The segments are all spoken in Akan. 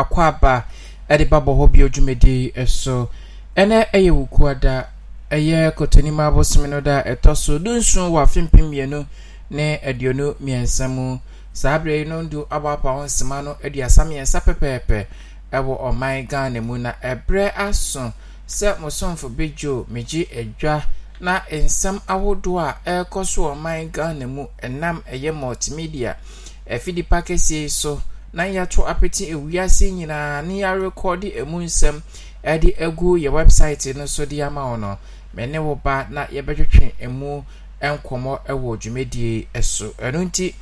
akwaaba ɛde ba bɔ hɔ bio dwumadi ɛso ɛnɛ ɛyɛ wukuada ɛyɛ kotonim abosom no da ɛtɔ so du wɔ afempem mmienu ne aduonu mmiɛnsa mu saa berɛ yi no ndu abɔapa wɔn nsima no aduasa mmiɛnsa pɛpɛɛpɛ ɛwɔ ɔman ghana mu na ɛbrɛ aso sɛ mosomfo bedwo megye adwa na nsɛm ahodoɔ a ɛrekɔ so wɔ ɔman ghana mu ɛnam ɛyɛ multimedia ɛfidi pa kɛseɛ yi so na yɛato apete ewiase nyinaa na yɛarekɔde emu nsɛm ɛde egu yɛ website no so de ama wɔn no mene wo ba na yɛbɛtwetwe emu nkɔmɔ ɛwɔ dwumadie ɛso ɛno nti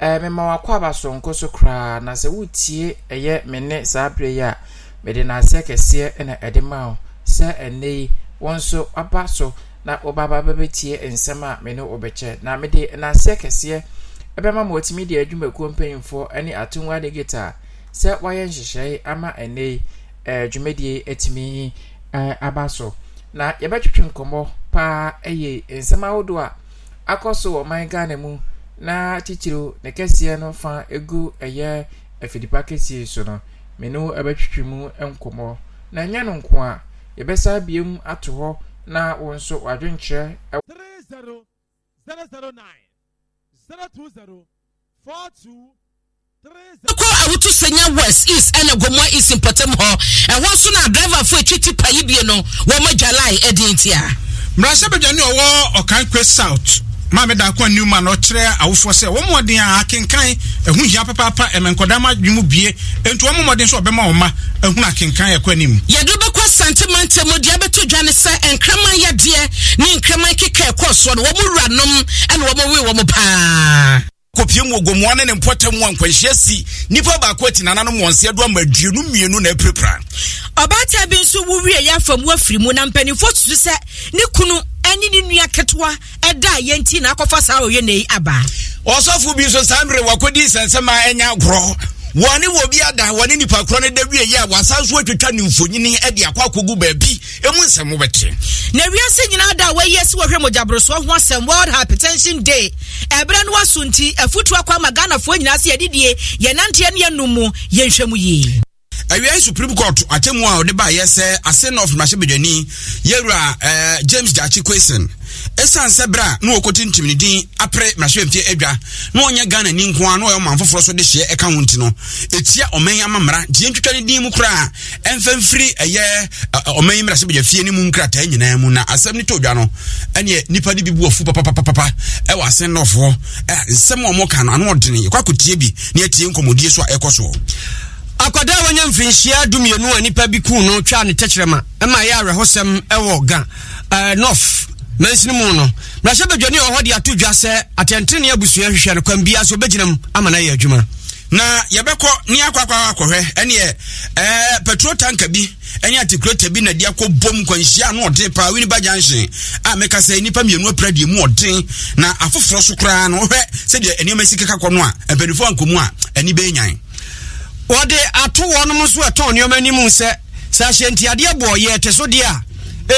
ɛɛ eh, mema wakɔ abasonko so koraa na sɛ wotie ɛyɛ mene saa bere yi a mede n'aseɛ kɛseɛ ɛna ɛde ma wo sɛ ɛnɛ yi wɔn nso aba so na wɔba aba bɛbɛtie nsɛm a mene wɔbɛkyɛ na mede n'aseɛ kɛseɛ. ɛbɛma ma wɔtumi de adwumakuo mpanyimfoɔ ne atomwa de gita sɛ wɔayɛ nhyehyɛe ama ɛnɛ yi dwumadie atumi aba so na yɛbɛtwetwe nkɔmmɔ paa ɛyɛ nsɛm ahodoɔ a akɔ so wɔ ɔman ghana mu na titiriw ne kɛseɛ no fa egu ɛyɛ afidipa kɛseɛ so no menu ɛbɛtwitwi mu nkɔmmɔ na nyɛ no nko a yɛbɛsa abiem ato hɔ na wɔn nso wadwenkyerɛ ɛwɔ zero two zero four two kɔ awutu senya west east ɛna gomua east mpɔtam hɔ ɛhɔ driver fo etwi tipa yi bie no wɔn agya line ɛdi ntia. mmarahyɛbadwa ni ɔwɔ ɔkan kwe south maame daako newman ɔkyerɛ awofoɔ sɛ wɔn mɔden a akenkan ɛho hia papaapa ɛmɛ nkɔdaa ma dwemu bie nti wɔn mɔden nso ɔbɛma wɔn ma ɛhun akenkan ɛkɔ anim. yɛde bɛkɔ santimante mu deɛ bɛto dwa ne sɛ nkraman yɛdeɛ ne nkraman keka ɛkɔ soɔ no wɔn wura nom ɛna wɔn wi wɔn paa kɔpie mu ogomoa ne ne mpɔtam mu a nkwanhyia si nnipa baako ati nananom wɔn se ɛdoa ma aduonu mmienu na apirapira ɔbaatan bi nso wuwie yɛ afam wafiri mu na mpanimfoɔ tutu sɛ ne kunu ɛne ne nua ketewa ɛda a yɛn na akɔfa saa ɔyɛ na yi aba ɔsɔfo bi nso saa mmerɛ wakɔdi nsɛnsɛm a ɛnya agorɔ wɔne wɔ bi ada wɔne nipa korɔ no da wie yɛ a wasan so atwitwa ne mfonyini de akɔ akɔgu baabi ɛmu nsɛm wobɛte na wiase nyinaa da a wɔayi asi wɔhwɛ mogyaborosoɔ ho asɛm world hypertension day ɛberɛ no waso nti afotu akɔ ama ghanafoɔ nyinaa sɛ yɛdidie yɛnanteɛ ne yɛnom mu yɛnhwɛ mu yie awia supreme court atemu a ɔde baayɛ sɛ ase north mmarahyɛbadwani yɛwura eh, james gyachi question ɛsiane sɛ berɛ a na wɔkɔte ntimne din apere mmarahyɛmpie adwa na ɔnyɛ ghana ni nko a na ɔyɛ ɔman foforɔ so de hyeɛ ɛka ho nti no ɛtia ɔman ama mmara nti yɛntwitwa ne din mu koraa ɛmfamfiri ɛyɛ ɔman yi mmarahyɛbagyafie no mu nkrataa nyinaa mu na asɛm no tɔ dwa no ɛneɛ nnipa no bi bu afu papapapapa ɛwɔ asɛn dɔfoɔ nsɛm a ɔmɔka no ano ɔdene yɛkɔ akɔtie bi na yɛtie nkɔmmɔdie so a ɛkɔ soɔ akwadaa wanya mfinhyia dumienu a nipa bi kuu no twa ne tɛkyerɛma ɛma yɛ awerɛhosɛm ɛwɔ ga uh, north mansini mu no mmarahyɛ badwani wɔ hɔ de ato dwa sɛ atɛntene abusua hwehwɛ no kwan biara so bɛgyina mu ama no ayɛ adwuma na yɛbɛkɔ ne akɔakɔ akɔhwɛ ɛneɛ ɛɛ petro tanka bi ɛne atikuleta bi na de akɔ bom nkwanhyia ano ɔden paa wini bagya nhyɛn a mɛka sɛ nipa mmienu apira deɛ mu ɔden na afoforɔ so koraa no wɔhwɛ sɛdeɛ nneɛma si keka kɔ no a mpanimfoɔ nkɔmu a ani bɛyɛ nyan. wɔde ato wɔnom nso ɛtɔn nneɛma anim sɛ sɛ ahyɛntiadeɛ bɔ yɛ ɛte so deɛ a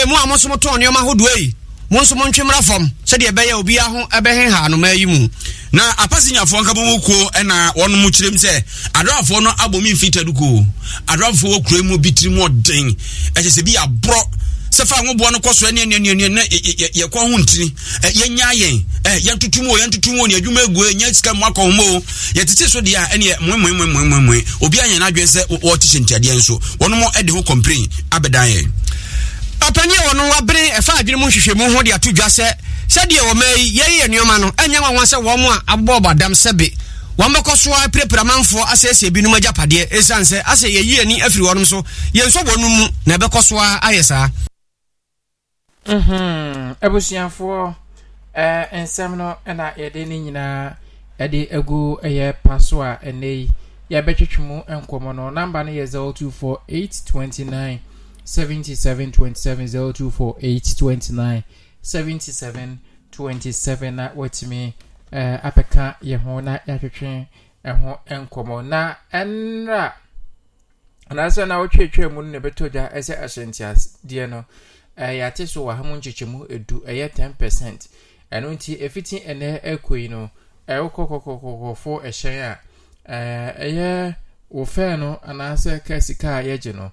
emu a mo nso mo tɔn ahodoɔ yi mo nso mo ntwe mmra fam sɛdeɛ ɛbɛyɛ obiara ho ɛbɛhe ha anoma yi mu na apasinyafoɔ nka bɔ mu kuo ɛna wɔn mu kyerɛm sɛ adorafoɔ no abɔ mi mfita duku adorafoɔ wɔ kuro mu bi tiri mu ɔden ɛkyɛ sɛ bi yɛ aborɔ sɛfa ahoboɔ no kɔ so ɛne ɛne ɛne ɛne yɛkɔ ho ntini yɛnya yɛn yɛntutum o yɛntutum o ne adwuma egu yɛn sika mu akɔ ho o yɛtete so deɛ ɛne yɛ mwe mwe mwe mwe mwe obi ayɛ n'adwene sɛ wɔte hyɛ ntadeɛ nso wɔn mo ɛde ho complain abɛdan yɛ. ɔpanyin wɔ no wabere ɛfa adwene mu nhwehwɛ mu ho de ato dwa sɛ sɛdeɛ wɔn yi yɛyɛ nneɛma no ɛnyɛ nwanwa sɛ wɔn a abɔ badam sɛbe wɔn bɛkɔ so apirapira amanfoɔ asɛesɛe binom agyapadeɛ ɛsiane sɛ asɛ yɛyi ani afiri wɔn so yɛn nso wɔn mu na ɛbɛkɔ so ayɛ saa. nsɛm no na yɛde ne nyinaa yɛde agu ɛyɛ pa so a ɛnɛ yi no namba no yɛ zero two four eight twenty 77 27 0248 29 77 27 na wɔtumi ɛɛ eh, apɛka yɛn ho na yɛatwetwe ɛho nkɔmɔ na ɛnra anaasɛ na wotwetwe mu no na ɛbɛtɔ gya ɛsɛ ahyɛnteaseɛ no ɛyɛ eh, ate so wɔ ha mu nkyekyɛmu edu ɛyɛ 10 percent ɛno nti efiti ɛnɛ ɛkɔ yi no ɛwokɔ kɔkɔkɔkɔfo ɛhyɛn a ɛɛ eh, ɛyɛ wofɛɛ no anaasɛ kɛsika a yɛgye no.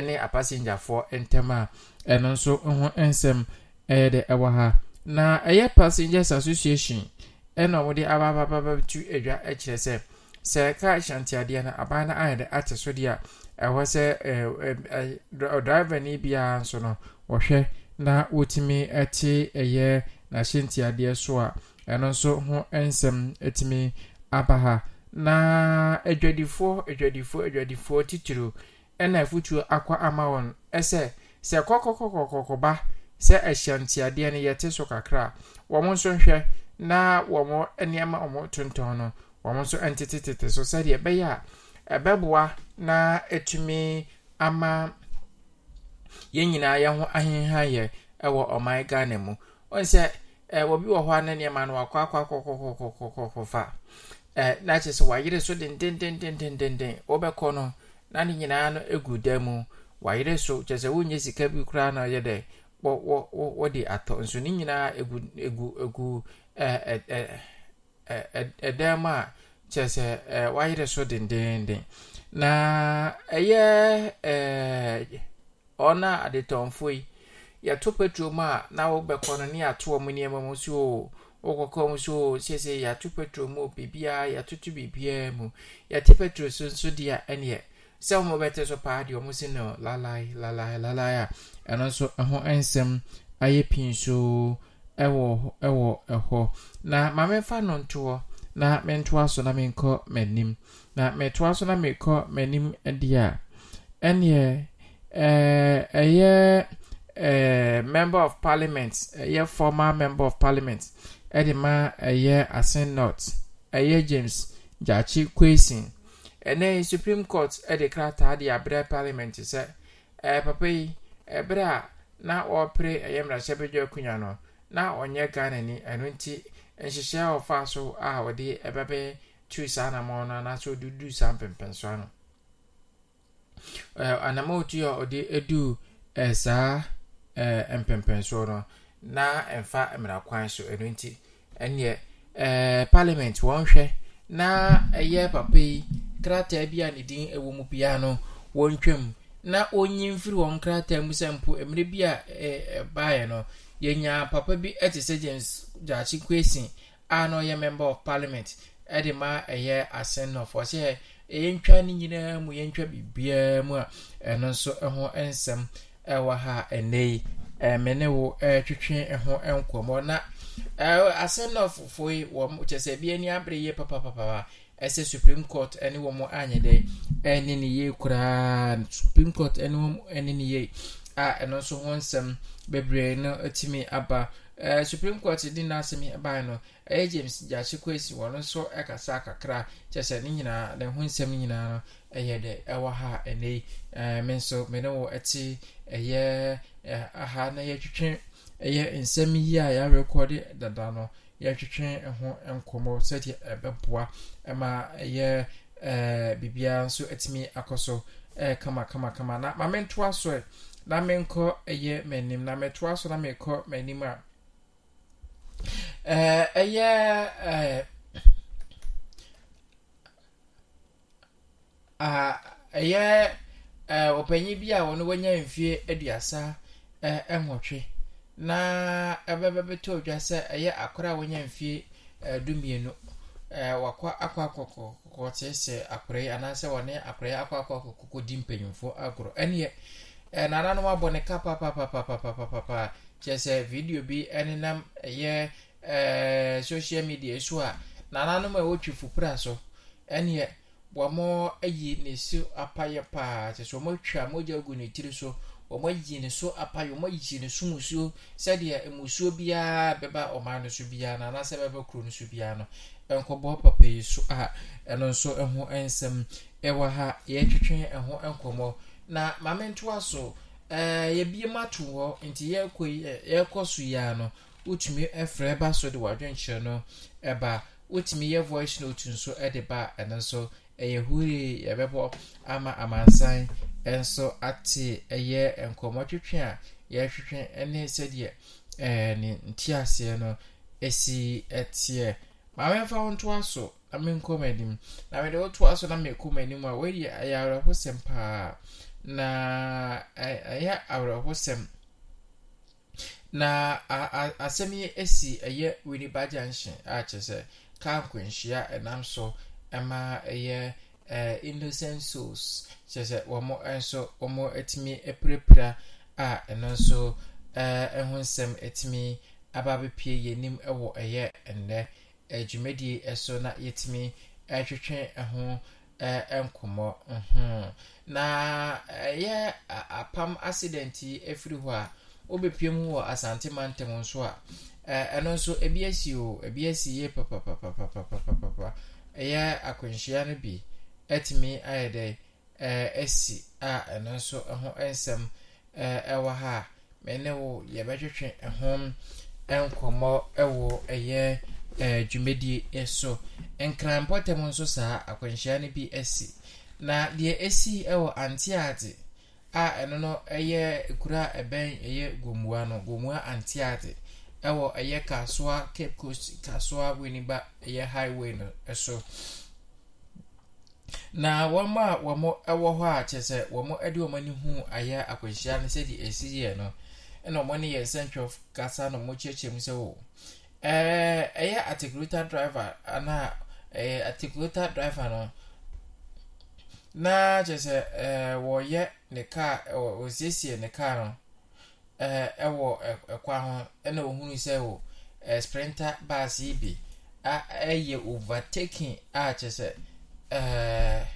ne apasengyafoɔ ntam a ɛno nso ho nsɛm ɛyɛ dɛ ɛwɔ ha na ɛyɛ passengers association ɛna wɔde ababababatu adwa kyerɛ sɛ sɛ kaa hyanteadeɛ no aban no ayɛ dɛ ate so deɛ a ɛwɔ sɛ driver no biara nso no wɔhwɛ na wɔtumi te ɛyɛ n'ahyɛnteadeɛ so a ɛno nso ho nsɛm tumi aba ha na adwadifoɔ adwadifoɔ adwadifoɔ titiro ɛna afutuo akɔ ama wɔn ɛsɛ sɛ kɔkɔkɔkɔkɔ ba sɛ ɛhyɛntiadeɛ no yɛte so kakra wɔn nso hwɛ na wɔn nneɛma wɔn tontɔn no wɔn nso ntetetete so sɛdeɛ ɛbɛyɛ a ɛbɛboa na ɛtumi ama yɛn nyinaa yɛn ho ahenha yɛ ɛwɔ ɔman ghana mu wɔn sɛ ɛɛ wɔbi wɔ hɔ a nneɛma no wakɔ akɔ akɔkɔkɔkɔkɔfa ɛɛ n'akyɛ sɛ wayere so dendendendendenden wɔbɛkɔ no. na ne nyinaa no egu dan mu wayerɛ so kyerɛ sɛ wonyɛ sika bi koraa na ɔyɛ dɛ wɔ wɔ wɔ wɔde atɔ nso ne nyinaa egu egu egu ɛɛ ɛɛ ɛɛ ɛdan mu a kyerɛ sɛ ɛɛ wayerɛ so dendeenden na ɛyɛ ɛɛ ɔna adetɔnfo yi yɛto petro mu a na wobɛkɔ no ne yɛato ɔmo nneɛma mu so o wokɔkɔ mu so o siesie yɛato petro mu o biribiara yɛatoto biribiara mu yɛte petro so nso deɛ ɛneɛ sɛ wɔn bɛte so paa deɛ wɔn si no lalai lalai lalai a ɛno nso ɛho nsɛm ayɛ pii nso ɛwɔ ɛwɔ ɛhɔ na maame fa no ntoɔ na mentoa so na menkɔ m'anim na metoa so na mekɔ m'anim deɛ a ɛneɛ ɛɛ ɛyɛ ɛɛ member of parliament ɛyɛ former member of parliament ɛde ma ɛyɛ asen north ɛyɛ james gyachi kwesin ɛnɛ supreme court de krataa de abrɛ parliament sɛ ɛɛ papa yi ɛbrɛ a na ɔrepere ɛyɛ mmarahyɛbadwa akonnwa no na ɔnyɛ ni ɛno nti nhyehyɛ a ɔfa so a ɔde ɛbɛbɛ tu saa anamɔ no anaasɛ ɔde du saa mpempɛnso ano ɛɛ anamɔ otu a ɔde du ɛɛ saa ɛɛ mpempɛnso no na mfa mmara kwan so ɛno nti ɛneɛ ɛɛ parliament wɔnhwɛ na ɛyɛ papa yi. krataa bi a ne din wɔ mu biara no wɔntwam na ɔnyi mfiri wɔn krataa mu sɛ mpo mmerɛ bi a ɛbaeɛ no yɛnya papa bi te sɛ james gyaakye kwesi a na ɔyɛ member of parliament de ma ɛyɛ asɛn nɔfoɔ sɛ yɛntwa no nyinaa mu yɛntwa biribiara mu a ɛno nso ho nsɛm ɛwɔ ha ɛnɛ yi ɛmɛ ne wo ɛtwitwe ho nkɔmmɔ na asɛn nɔfofoɔ yi wɔn kyɛ sɛ ebi ani abere yie papapapa. ɛsɛ supreme court ɛne wɔn anyɛ dɛ ɛne ne yie koraa supreme court ɛne wɔn ɛne ne yie a ɛno nso ho nsɛm bebree no tumi aba ɛɛ supreme court di n'asɛm ɛbaa no ɛyɛ james gyakye kwesi wɔn nso ɛkasa kakra kyɛ sɛ ne nyinaa ne ho nsɛm nyinaa no ɛyɛ dɛ ɛwɔ ha ɛnɛ yi ɛɛ me nso me ne wɔ ɛte ɛyɛ ɛha na yɛtwitwe ɛyɛ nsɛm yi a yɛarekɔde dada no yɛtwetwe ho nkɔmmɔ sɛdeɛ ɛbɛboa ma ɛyɛ biribiara nso atumi akɔ so kamakamakama na ma mentoa so na menkɔ ɛyɛ m'anim na metoa so na mekɔ m'anim a ɛyɛ ɛyɛ ɔpanyin bi a wɔn wanya mfie aduasa ɛnwɔtwe na ɛbɛbɛbɛtɔ odwa sɛ ɛyɛ akora a wɔnya mfie eh, dumienu eh, wakɔ akɔ akɔkɔ kɔkɔtɛsɛ akora yi anaasɛ wɔne akora yi akɔ akɔ akɔkɔ di mpanyinfoɔ agorɔ ɛneɛ eh, nana no wabɔ ne ka papapapapapapapa kyerɛ sɛ video bi ɛnenam ɛyɛ ɛɛ social media so a nananom a wɔtwi fupura so ɛneɛ wɔn ayi ne si apayɛ paa kyerɛ sɛ wɔn atwa mogya gu ne tiri so wɔn ayi ne so apayɛ wɔn ayi ne so musuo sɛdeɛ musuo biara bɛba ɔman no so biara no anaasɛ bɛba kuro no so biara no nkɔbɔ papa yi so a ɛno nso ho nsɛm ɛwɔ ha yɛtwetwe ɛho nkɔmmɔ na maame ntoa so ɛɛ yɛbie mu ato hɔ nti yɛrekɔ yi yɛrekɔ so yi ano wotumi ɛfrɛ ba so de wadwenkyerɛ no ɛba wotumi yɛ voice note nso ɛde ba ɛno nso ɛyɛ huri yɛbɛbɔ ama amansan. nso ate ɛyɛ twetwe a yɛretwetwe ne sɛdeɛ eh, ne nteaseɛ no si teɛ maame mfa ho ntoa so na menkɔ m'anim na mede wotoa so na mekɔ m'anim a wɔyɛ ɛyɛ awerɛhosɛm paa na ɛyɛ awerɛhosɛm na a asɛm yi si ɛyɛ winibagya nhyɛ a kyerɛ sɛ kaa nkwanhyia ɛnam so ma ɛyɛ Eh, innocent souls kyerɛ sɛ nso eh, wɔn atumi apirapira a ɛno nso eh, ho nsɛm atumi aba abɛpie yɛn anim ɛyɛ nnɛ dwumadie so na yɛtumi ɛtwetwe ho nkɔmmɔ mhm. na ɛyɛ apam accident yi afiri hɔ a wobɛpie mu wɔ asante mantam nso a ɛno nso ebi asi o ebi asi yie papapapapapapa ɛyɛ akwanhyia no bi. ɛtumi ayɛ dɛ ɛsi a ɛno nso ɛho nsɛm ɛwɔ ha a mene wo yɛbɛtwetwe ɛho nkɔmmɔ ɛwɔ ɛyɛ dwumadie ɛso nkrampɔtam nso saa akwanhyia no bi ɛsi na deɛ ɛsi ɛwɔ antiate a ɛno no ɛyɛ kura ɛbɛn ɛyɛ gomua no gomua antiate ɛwɔ ɛyɛ kasoa cape coast kasoa winiba ɛyɛ highway no ɛso na wɔn a wɔn wɔ hɔ a kyerɛ sɛ wɔn de wɔn ani ho ayɛ akwanhyia no sɛdeɛ ɛsi yɛ no ɛna wɔn ne yɛ nsɛntwerɛ kasa na wɔn kyerɛkyerɛ mu sɛ o ɛɛ ɛyɛ atikulata driver ana ɛyɛ atikulata driver no na kyerɛ sɛ ɛɛ wɔyɛ ne kaa ɛwɔ wɔsiesie ne kaa no ɛɛ ɛwɔ ɛkwa ho ɛna wɔhunu sɛ o ɛɛ sprinter baasi bi a ɛyɛ overtaking a kyerɛ sɛ. ɛɛ eh,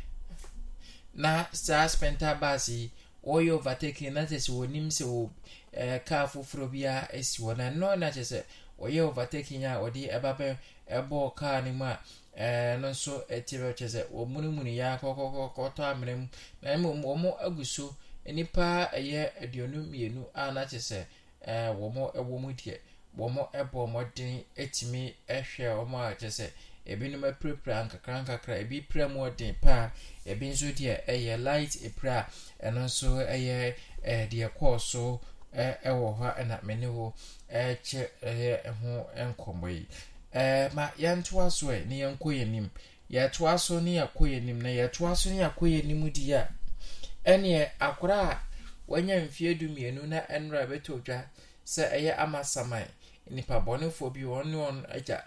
na saa spɛnta baasi yi wɔyɛ overtaking na kyerɛ sɛ wɔnim sɛ wɔ ɛɛ eh, car foforɔ bi a esi hɔ na nnɔɔ na kyerɛ sɛ wɔyɛ overtaking a wɔde ɛba bɛ ɛbɔ kaa no mu a ɛɛ eh, no nso ɛte bɛ kyerɛ sɛ wɔmunumunu yɛ akɔkɔkɔkɔtɔ amena mu na mmom wɔn agu so nipa ɛyɛ aduonu mmienu a na kyerɛ sɛ ɛɛ wɔn ɛwɔ mu deɛ. wɔn ɛbɔ mmɔden atumi ɛhwɛ wɔn a kyerɛ sɛ ebinom apirapira nkakra nkakra ebi pira mu ɔden paa ebi nso deɛ ɛyɛ light apira ɛno nso ɛyɛ ɛɛ deɛ kɔɔ so ɛɛ ɛwɔ hɔ ɛna mene wo ɛɛkyɛ ɛyɛ ɛho nkɔmɔ yi ɛɛ ma yɛntoa so ɛ ne yɛnkɔ yɛn nim yɛtoa so ne yɛkɔ yɛn nim na yɛtoa so ne yɛkɔ yɛn nim di a ɛneɛ akora a wɔnyɛ mfeɛ du mmienu na ɛnora ɛbɛtɔ dwa sɛ ɛyɛ ama saman nipa bɔnefoɔ bi wɔn ne wɔn agya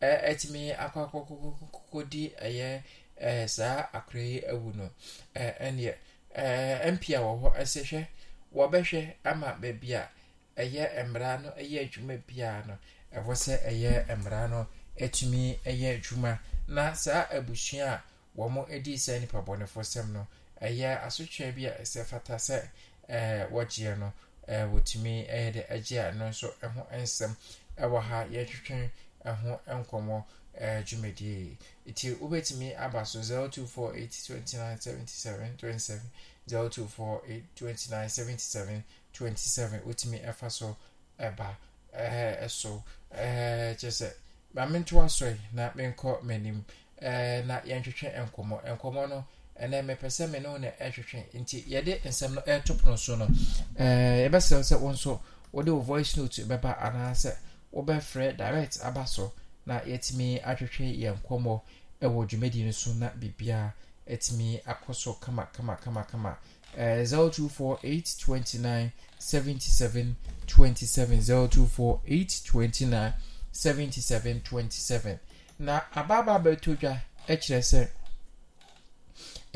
ɛtumi akɔ akɔkɔkɔkɔ di ɛyɛ ɛɛ saa akora yi awu no ɛɛ ɛneɛ ɛɛ mp a wɔ hɔ ɛsɛ hwɛ wɔbɛhwɛ ama baabi a ɛyɛ mmara no ɛyɛ adwuma biara no ɛwɔ sɛ ɛyɛ mmara no ɛtumi ɛyɛ adwuma na saa abusua a wɔn edi sɛ nipa bɔnefoɔ sɛm no ɛyɛ asotwe bi a ɛsɛ fata sɛ ɛɛ wɔgyeɛ no. Eh, wɔtumi ɛyɛ eh, de agye a no nso ho nsɛm ɛwɔ ha yɛtwetwe ho nkɔmmɔ eh, dwumadie nti wobɛtumi aba so 0248297727 0248297727 wotumi ɛfa so ɛba ɛso kyɛ sɛ ma mentoa sɔe na menkɔ m'anim na yɛntwetwe nkɔmmɔ nkɔmmɔ no ɛnɛ mepɛ sɛ me ne wo na ɛhwehwɛ nti yɛde nsɛm no ɛto pono so no yɛbɛsɛm sɛ wo nso wode wo voice note bɛba anaasɛ wobɛfrɛ direct aba so na yɛtumi ahwehwɛ yɛn nkɔmmɔ ɛwɔ dwumadi no so na biribiaa ɛtumi akɔ so kama kama kama kama Uh, 0248 29 77 27 0248 29 77 27 na abaaba bɛtɔ dwa kyerɛ sɛ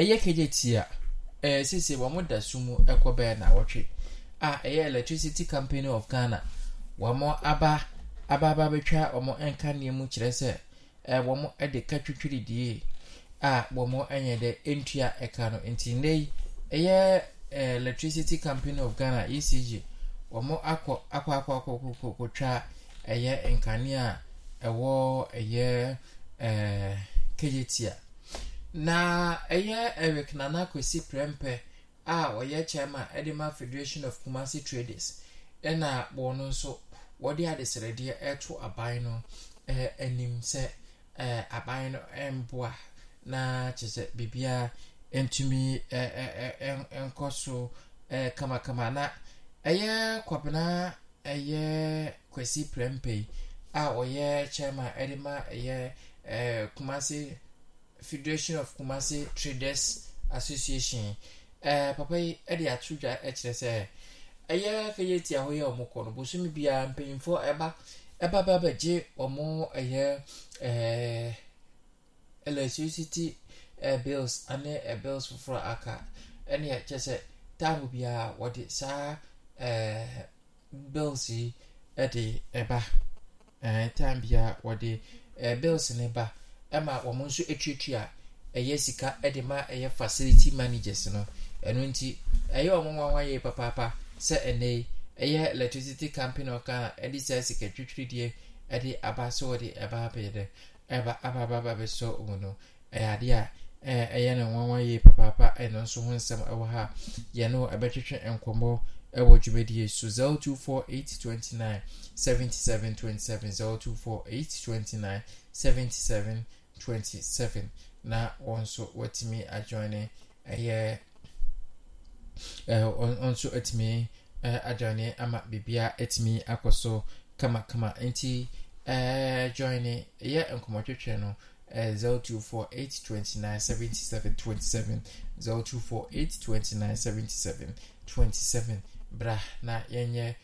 ɛyɛ kagye tia ɛɛ sese wɔn da so mu ɛkɔ bɛyɛ nawɔtwe a ɛyɛ electricity company of ghana wɔn aba aba aba betwa wɔn nka nea mu kyerɛ sɛ wɔn de ka twitwiri die a wɔn nyɛ dɛ ntua ɛka no nti nne yi ɛyɛ electricity company of ghana ecg wɔn akɔ akɔ akɔ akɔ akɔ akɔ twa ɛyɛ nkanea ɛwɔ ɛyɛ ɛɛ kagye tia. na ɛyɛ eric nana kwesi prempe a ɔyɛ chairman ɛde ma federation of kumasi traders ɛna wɔn nso wɔde adesrɛdeɛ ɛto aban no ɛɛ anim sɛ ɛɛ aban no ɛmboa na kyerɛ sɛ biribiara ntumi ɛɛ kama so kamakama na ɛyɛ kɔpena ɛyɛ kwesi prɛmpɛ a ɔyɛ chairman ɛde ma ɛyɛ kumasi. federation of kumasi traders association ɛɛ papa yi ɛde ato dwa ɛkyerɛ sɛ ɛyɛ kɛyɛ ti ahɔ yɛ ɔmo kɔ no bosomi biara mpanyinfoɔ ɛba ɛba ba bɛgye ɔmo ɛyɛ ɛɛ electricity ɛɛ bills ɛne ɛɛ bills foforɔ aka ɛne ɛkyɛ sɛ taamu biara wɔde saa ɛɛ bills yi ɛde ɛba ɛɛ taam biara wɔde ɛɛ bills ne ba. ma wɔn nso atuatua ɛyɛ sika de ma ɛyɛ facility managers no ɛno nti ɛyɛ wɔn nwanwa yie papaapa sɛ ɛnɛ ɛyɛ electricity company ɔka a ɛde sɛ sika twitwirideɛ ɛde aba so wɔde ɛba abɛyɛ ɛba aba aba aba abɛsɔ wɔn no ɛyɛ ade a ɛyɛ no nwanwa papaapa ɛno nso ho nsɛm ɛwɔ ha no ɛwɔ dwumadie so 27 na wɔn nso wɔatumi adwane ɛyɛ ɛɛ eh, wɔn nso atumi ɛɛ eh, adwane ama biribiara atumi akɔ so kamakama nti ɛɛ eh, joine ɛyɛ nkɔmɔtwetwe no ɛɛ 0248297727 0248297727 bra na yɛnyɛ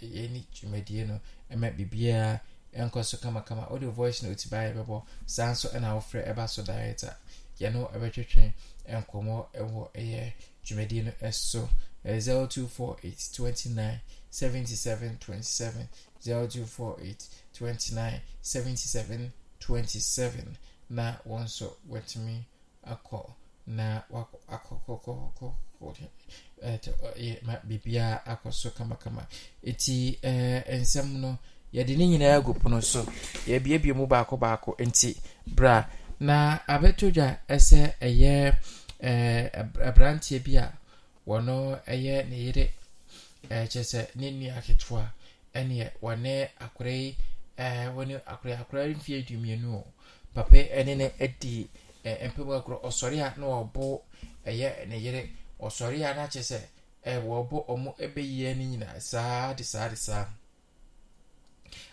yɛni dwumadie no ɛma biribiara ɛnkɔ so kamakama wode voice note baeɛ bɛbɔ saa nso ɛna wofrɛ ɛba so director yɛno ɛbɛtwetwe nkɔmmɔ ɛwɔ ɛyɛ dwumadie no ɛso 0248297727 0248297727 na wɔn nso wɔtumi akɔ na wakɔkɔkɔkɔkɔ biribiara akɔ so kamakama ɛti ɛɛ nsɛm no yɛde ne nyinaa agu pono so yɛabiebie mu baako baako nti bra na abɛtodwa ɛsɛ ɛyɛ eh, aberanteɛ bi a wɔno ɛyɛ ne yere eh, kyerɛ sɛ ne nua ketewa ɛneɛ wɔne akora yi eh, wɔne akora akora mfie dumienu o papa ɛne ne adi mpem agorɔ ɔsɔre a na ɔbo ɛyɛ ne yere ɔsɔre a na kyerɛ sɛ wɔbo ɔmo ɛbɛyie ne nyinaa saa de saa de saa.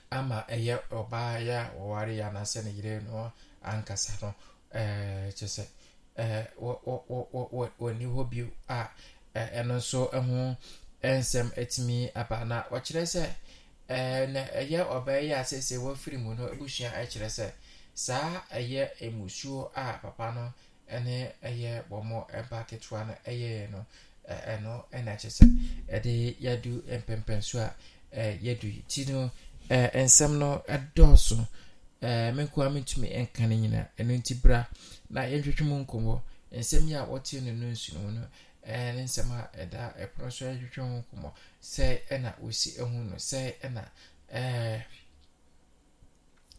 ama ɛyɛ ɔbaa yɛ a wɔware yɛ anaasɛ ne yere no ankasa no wɔ wɔ wɔni hɔ bi a ɛɛ ɛno nso ɛho nsɛm atumi aba na wɔkyerɛ sɛ na ɛyɛ ɔbaa yɛ a sɛsɛ wafiri mu no ebusua kyerɛ sɛ saa ɛyɛ mmusuo a papa no ɛne ɛyɛ wɔmɔ ba ketewa no ɛyɛɛ no ɛno ɛna kyerɛ sɛ ɛde yɛadu mpɛmpɛnso a yɛadu ti no Eh, nsɛm no dɔɔso eh, menkoa mentumi nka no nyina ɛno nti bra na yɛntwetwe mu nkɔmmɔ nsɛm yi a wɔte no no nsu no mu no eh, ne nsɛm a ɛda ɛpono so yɛntwetwe ho nkɔmmɔ sɛ ɛna wɔsi hu no sɛ ɛna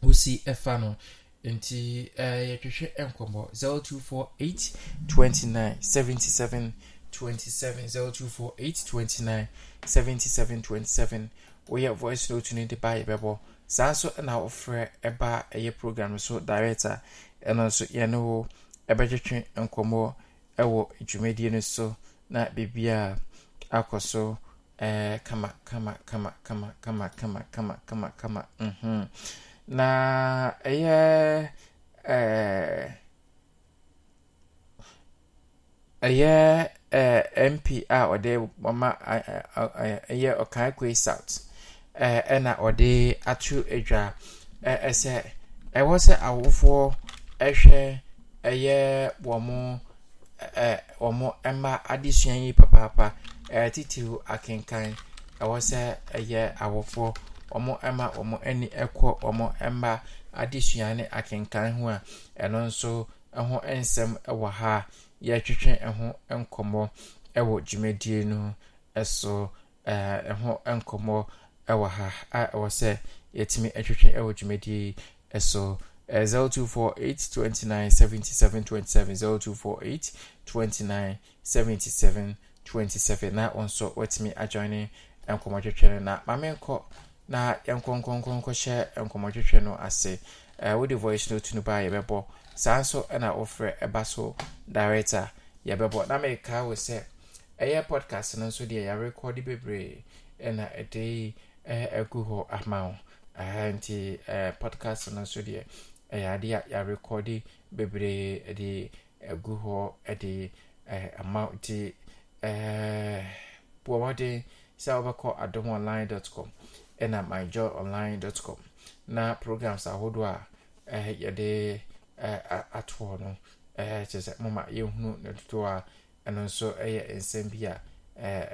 wɔsi ɛfa no nti yɛtwehwɛ nkɔmmɔ 0248 29 77 27 0248 29 77 27 woyɛ voice note no de ba yɛbɛbɔ saa nso na wofrɛ ɛba ɛyɛ program so director ɛno nso yɛne wo ɛbɛtwetwe nkɔmmɔ ɛwɔ dwumadie no so na biribiaa akɔ so ɛɛ eh, kama kama kama kama kama kama kama kama kama mhm na ɛyɛ ɛɛ eh, ɛyɛ ɛɛ eh, mp a ɔde ɔma ɛyɛ ɔkan kwe south. Eh, ɛna ɔde ato adwa ɛsɛ eh, eh, ɛwɔ sɛ awofoɔ ɛhwɛ ɛyɛ wɔn ɛɛ wɔn mma adesua yi papaapa ɛtitiw akenkan ɛwɔ sɛ ɛyɛ awofoɔ wɔn mma wɔn ani ɛkɔ wɔn mma adesua ne akenkan ho a ɛno nso ɛho nsɛm ɛwɔ ha yɛtwitwe ɛho nkɔmɔ ɛwɔ dwumadie no ɛso ɛɛ ɛho nkɔmɔ. ɛwɔ ha a ɛwɔ sɛ yɛtumi ɛtwitwe ɛwɔ dwumadie ɛso ɛɛ zero two four eight twenty nine seventy seven twenty seven zero two four eight twenty nine seventy seven twenty seven na wɔn nso wɔtumi adwane nkɔmɔtwitwe no na maame nkɔ na nkɔnkɔnkɔnkɔ hyɛ nkɔmɔtwitwe no ase ɛɛ wode voice note no baa yɛbɛbɔ saa nso ɛna wɔfrɛ ɛba so director yɛbɛbɔ na mɛka wɔ sɛ ɛyɛ podcast no nso deɛ yɛarekɔde bebree ɛna ɛde yi ɛgu hɔ ama wo nti podcast no nso deɛ ɛyɛ adeɛ a yɛarekɔde bebree de ɛgu hɔ de ama nti bɔ mmɔden sɛ wobɛkɔ adom online com ɛna myjoy online com na programs ahodoɔ a yɛde atoɔ no kyerɛ sɛ moma yɛhunu no dodoɔ a ɛno nso ɛyɛ nsɛm bi a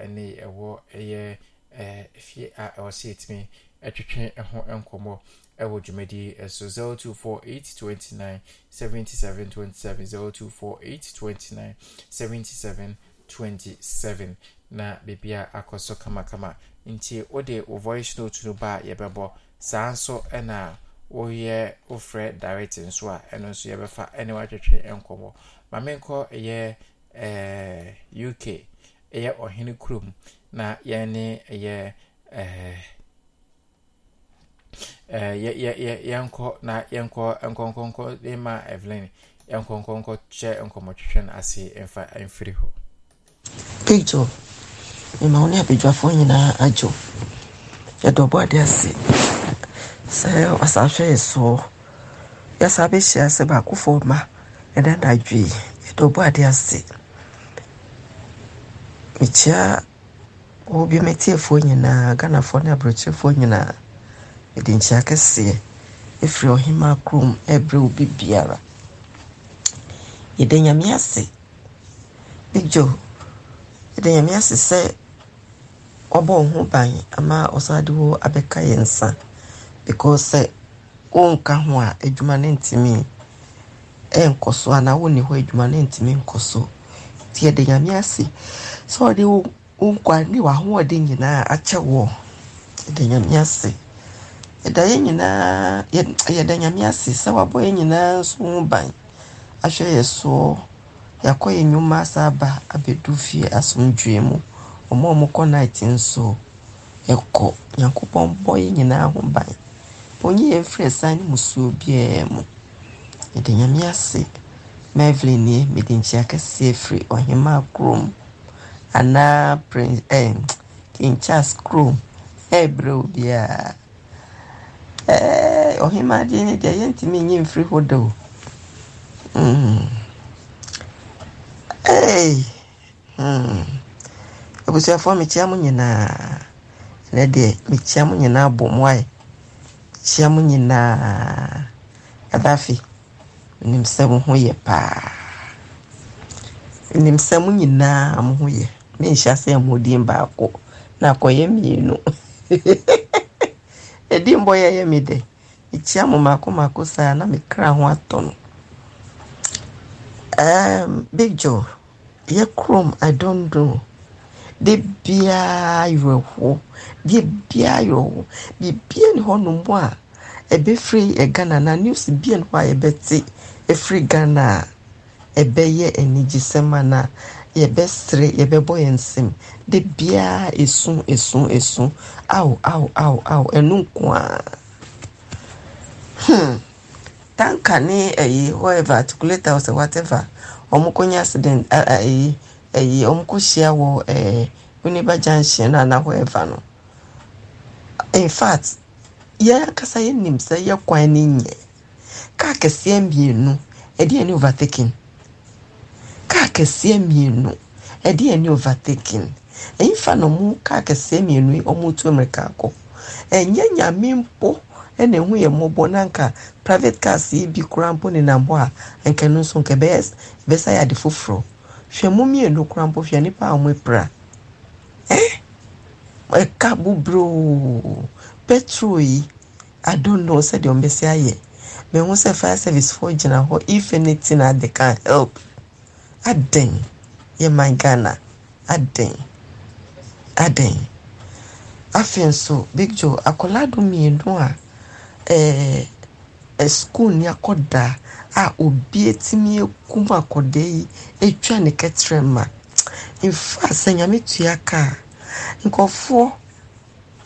ɛne ɛwɔ ɛyɛ Eh, fie a ɛwɔ sɛ yɛtumi twetwe ho nkɔmmɔ ɛwɔ dwumadie ɛso eh, seventy seven twenty seven na baabi a akɔ so kamakama nti wode o voice note no ba a yɛbɛbɔ saa nso ɛna woyɛ wofrɛ direct nso a ɛno nso yɛbɛfa ɛne woatwetwe nkɔmmɔ ma menkɔ ɛyɛ eh, uk ɛyɛ ɔhene kurom na yɛne yɛ ɛɛ eh, ɛɛ eh, yɛ yɛ yɛ yɛnkɔ na yɛnkɔ nkɔnkɔnkɔ de ma evelyn yɛnkɔnkɔnkɔ kyɛ nkɔmɔtwitwe no ase mfa mfiri hɔ. picture mma wo ne abadwafoɔ nyinaa agyo yɛde ɔbɔ ade ase sɛ asahwɛ yɛ soɔ yɛsa bɛhyia sɛ baakofoɔ ma ɛda nadwee yɛde ɔbɔ ade ase mekyia obi metiefoɔ nyinaa ghanafoɔ ne aberɛkyerɛfoɔ nyinaa mede nkyia kɛseɛ ɛfiri ɔhema kurom ɛbrɛ obi biara yɛda nyame ase bigjo yɛda nyame ase sɛ ɔbɔ ho ban ama ɔsade hɔ abɛka yɛ nsa because sɛ wonka ho a adwuma no ntimi ɛnkɔ so anaa wonni hɔ adwuma no ntimi nkɔ so nti yɛda nyame ase sɛ ɔde wo wo nkwa ne w'ahoɔden nyinaa akyɛ wɔ yɛda nyame ase yɛda yɛ nyinaa yɛda nyame ase sɛ wabɔ yɛ nyinaa nso ho ban ahwɛ yɛ soɔ yɛakɔ yɛ nnwuma asa aba abɛdu fie asomdwee mu ɔma ɔmo kɔ night nso yɛkɔ nyankopɔn bɔ yɛ nyinaa ho ban ɔnyi yɛn firi san ne musuo biara mu yɛda nyame ase mevlin nie mede nkyia kɛseɛ firi ɔhema kurom anaa prince eh, king charles chrome ɛɛbrɛ eh, obiara eh, ɔhema adeɛ ne deɛ yɛntumi nye mfiri hɔ da o mm. hey. mm. abusuafoɔ mekyia mo nyinaa na deɛ mekyia mo nyinaa bɔ mo ayɛ kyia mo nyinaa kadafi nim sɛ mo ho yɛ paa nim sɛ nyinaa mo ho yɛ menhyɛ mu din baako na akɔyɛ mmienu ɛdin bɔ yɛyɛ me dɛ mekyia mo maako maako saa na mekra ho atɔ no um, big joe yɛ kurom i de biara yerɛ hɔ de biara yerɛ hɔ biribia ne hɔ nom a ɛbɛfiri e ghana na news bia ne hɔ a yɛbɛte ɛfiri ghana a ɛbɛyɛ anigyesɛm anaa yɛbɛsere yɛbɛbɔ yɛn nsam de biara esu esu esu aw aw aw aw ɛnu nkoa hmm tanka ne ɛyi whatever articulator or whatever wɔn kɔ nye accident ɛyi ɛyi wɔn kɔ hyia wɔ ɛɛ winneba junction na na whatever no in fact yɛn akasa yɛn nim sɛ yɛ kwan ne nyɛ kaa kɛseɛ mmienu ɛdeɛ ne overtaking kaa kɛseɛ mmienu ɛde ani overtaking ɛnfa na ɔmo kaa kɛseɛ mmienu yi ɔmo tu mmirika akɔ ɛnyɛ nyame mpo ɛna ɛho yɛ mmɔbɔ na private cars yi bi kora mpo nenam hɔ a nka no nso nka ɛbɛyɛ ɛbɛsa yɛ ade foforɔ hwɛ mo mmienu kora mpo hwɛ nipa a ɔmo apira ɛɛ ɛka bubroo petrol yi i sɛdeɛ ɔmo bɛsi ayɛ mɛ ho sɛ fire service foɔ gyina hɔ if anything i dey can help. adɛn yɛman ghana adɛn adɛn afei nso big joe akwadaa do mmienu a ɛɛ eh, eh, sukuu ni akɔdaa a obi etimi ekum akwadaa yi etwa ne kɛtɛrɛ ma nfa sɛ nyame tua kaa nkɔfoɔ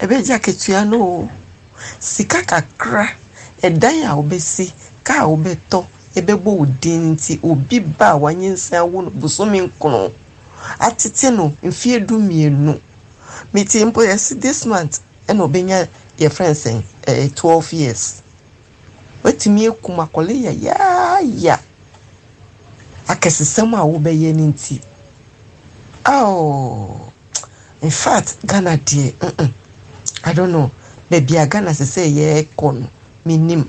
ɛbɛgye aketua no o sika kakra ɛdan a obesi kaa a yɛbɛbɔ wo din nti obi ba a wanyensa awo no bosome nkron atete no mfeɛ du mmienu mete mpo yɛse this month ɛna ɔbɛnya yɛ friend sɛn eh, ɛɛ eh, twelve years watumi ekum akɔle yayaaya akɛsesɛm a wobɛyɛ ne nti aw in fact ghana deɛ mm -mm. i don't know baabi a ghana sɛ sɛ yɛrekɔ no menim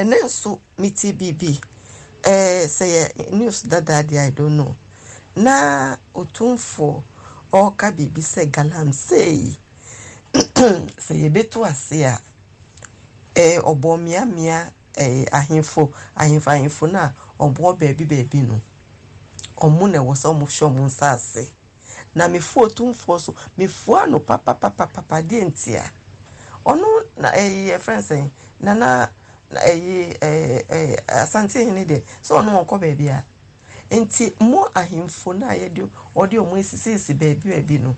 ɛnɛ nso me ti biribi ɛɛ eh, sɛ yɛ news dada deɛ i don't know na otumfoɔ ɔreka bibi sɛ galamsey sɛ yɛbɛto ase a ɛɛ eh, ɔbɔ miamia ɛɛ eh, ahemfo ahemfo ahemfo na a ɔbɔ baabi baabi no ɔmo na ɛwɔ sɛ ɔmo hyɛ ɔmo nsa ase na mefuo otumfoɔ so mefuo ano papapapapa deɛ ntia ɔno na ɛɛ yɛ fɛn sɛn nana. ɛyi ɛɛ asantehene deɛ sɛ ɔno wɔn kɔ baabi a nti mo ahemfo no a yɛde ɔde ɔmo esisisi baabi baabi no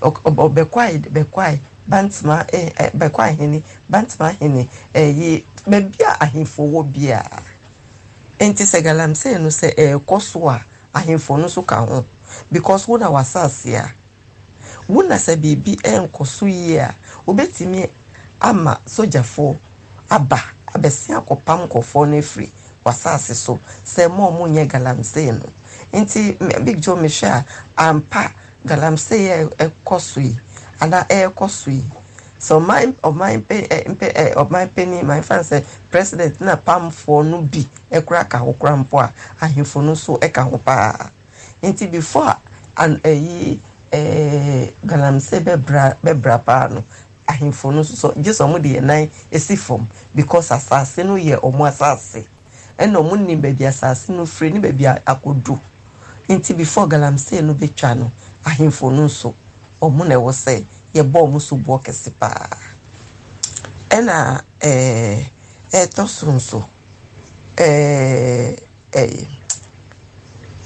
ɔbɛkwae bɛkwae bantama ɛɛ bɛkwae hene bantama hene ɛyi baabi a ahemfo wɔ biara nti sɛ galamsey no sɛ ɛɛkɔ so a ahemfo no nso ka ho because wo na wasaase a wo na sɛ biribi ɛnkɔ so yie a obetumi ama sogyafoɔ aba. abɛsi akɔpam nkɔfoɔ no afiri wasaase so sɛ mmaa ɔmo nyɛ galamsey no nti big joe mehwɛ a ampa galamsey ɛkɔ so yi anaa ɛɛkɔ so yi sɛ ɔman ɔman pe mpe ɛ ɔman panyin maa nfa sɛ president na pamfoɔ no bi ɛkura ka ho kura mpo a ahemfo no nso ɛka ho paa nti before an ɛyi ɛɛ galamsey bɛbra bɛbra paa no ahemfo no nso gye sɛ ɔmo de yɛ nan esi fam because asase no yɛ ɔmo asase ɛna ɔmo nim baabi asase no firi ne baabi akodo nti before galamsey no betwa no ahemfo no nso ɔmo na ɛwɔ sɛ yɛbɔ ɔmo so boɔ kɛse paa ɛna ɛɛ ɛɛtɔ so nso ɛɛ ɛɛ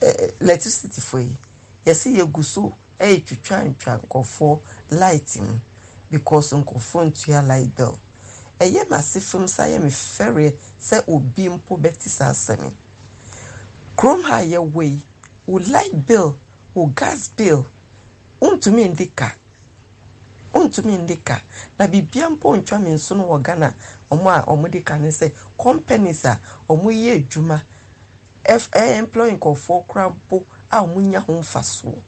ɛɛ electricity fo yi yɛsi yɛgu so ɛyɛ twitwa ntwa nkɔfoɔ light mu because nkurɔfoɔ ntua light bill ɛyɛ m'asefam sa yɛ me fɛreɛ sɛ obi mpo bɛte saa asɛm kurom ha yɛwɔ yi wo light bill wo gas bill wontumi ndi ka wontumi na biribia mpo ntwa me nso no wɔ ghana ɔmo a ɔmo di ka ne sɛ companies a ɔmo yɛ adwuma ɛɛ employing nkɔfoɔ koraa bo a ɔmo nya ho mfasoɔ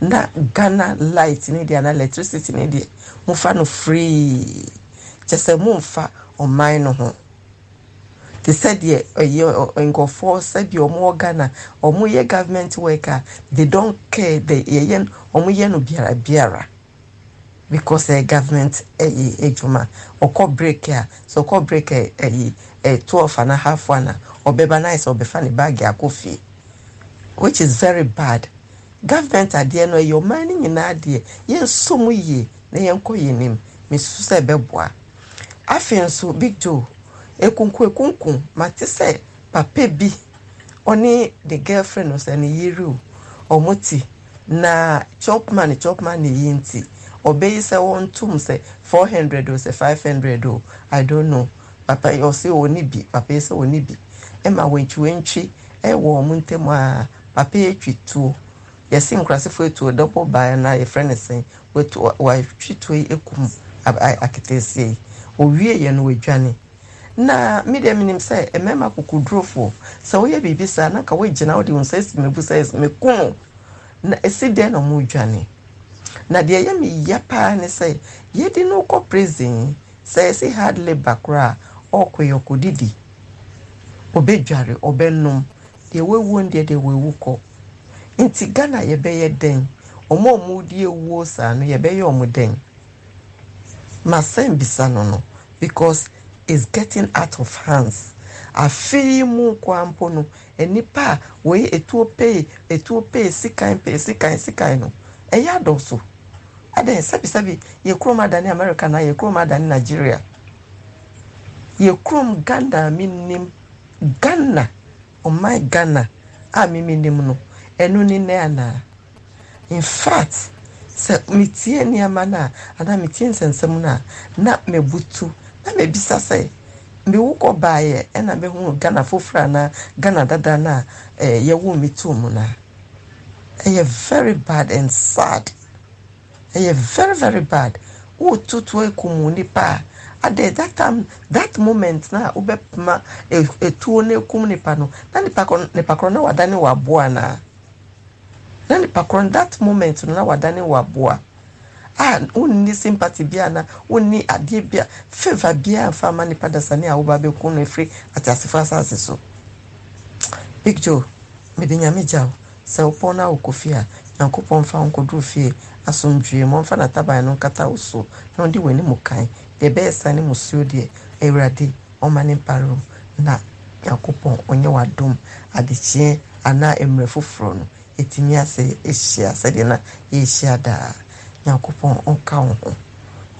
na ghana light ne deɛ ana electricity ne deɛ mofa no free kyɛ sɛ momfa ɔman no ho te sɛ deɛ ɛyɛ nkɔfoɔ sɛdeɛ ɔmo wɔ ghana ɔmo yɛ government worker they don't care de yɛyɛ ɔmo yɛ no biara biara because ɛyɛ eh, government ɛyɛ adwuma ɔkɔ break a so ɔkɔ break ɛyɛ eh, eh, ɛyɛ twelve and a half one a ɔbɛba na ayɛ sɛ ɔbɛfa ne baagi akɔ fie which is very bad. gavumenti adeɛ no ɛyɛ ɔman no nyinaa deɛ yɛnso mu yie na yɛnkɔ yɛ nim mesusu sɛ ɛbɛboa afei nso big joe ekunku ekunku te sɛ papa bi ɔne the girlfriend sɛ ne yiri o ɔmo ti na chopman chopman ne yi nti ɔbɛyi sɛ wɔn tum sɛ four hundred o sɛ five hundred o i don't know papa yi ɔsɛ wɔn bi papa yi sɛ wɔn bi ɛma wɔntwi wɔntwi ɛwɔ ɔmo ntɛm a papa yi atwi tuo. yɛsi nkurasefo etu dɔbɔ baa na yɛfrɛ ne sɛn wetu watwi tuo yi ekum aketesia yi owie yɛ no wadwane na mi deɛ minim sɛ mmarima kokodurofo sɛ woyɛ biribi saa na ka wogyina wode wo nsa esi mebu sɛ esi mekum na esi deɛ na ɔmo na deɛ yɛ mi ya paa ne sɛ yɛde no kɔ prison sɛ yɛsi hard labour koraa ɔkɔ yɛ ɔkɔ didi ɔbɛdware ɔbɛnum deɛ wewu no deɛ deɛ wewu kɔ nti ghana yɛbɛyɛ dɛn wɔn a wɔredi ewuo saa no yɛbɛyɛ wɔn dɛn ma sɛn bisa no no because it's getting out of hands afei mu nkwa mpo no nipa a wɔyɛ etuo pay etuo pay sikan pay sikan sikan no ɛyɛ adɔso adan sɛbisɛbi yɛ kurom adane america na yɛ kurom adane nigeria yɛ kurom ghana mi nim ghana ɔman oh ghana a mi mi nim no ɛno ne nɛ anaa in fact sɛ metie nneɛma no a anaa metie nsɛnsɛm no a na mabutu na mabisa sɛ mewu kɔ baeɛ ɛna mehunu ghana foforɔ anaa ghana dada no a eh, yɛwo me too mu no a ɛyɛ very bad and sad ɛyɛ very very bad wototo akumu nipa a At that time that moment na wobɛpema e, etuo no akum nipa no na nipa korɔ na wadane waboa naa na nipa korɔ that moment no na wada ne waboa a wonni sympathy bia na wonni adeɛ bia favor bia mfa ma nipa dasani a woba bɛko no ɛfiri ateasefo asase so big joe mede nyame gya wo sɛ wopɔn no a wokɔ fie a nyankopɔn mfa wo fie asomdwee ma ɔmfa nataban no nkata wo so na ɔde w'ani mu kan deɛ ɛbɛyɛ sa ne musuo deɛ awurade ɔma ne mpare na nyankopɔn ɔnyɛ w'adom adekyeɛ anaa mmerɛ foforɔ no ɛtumi asɛ ɛhyia sɛdeɛ na yɛhyia daa nyankopɔn ɔnka wo ho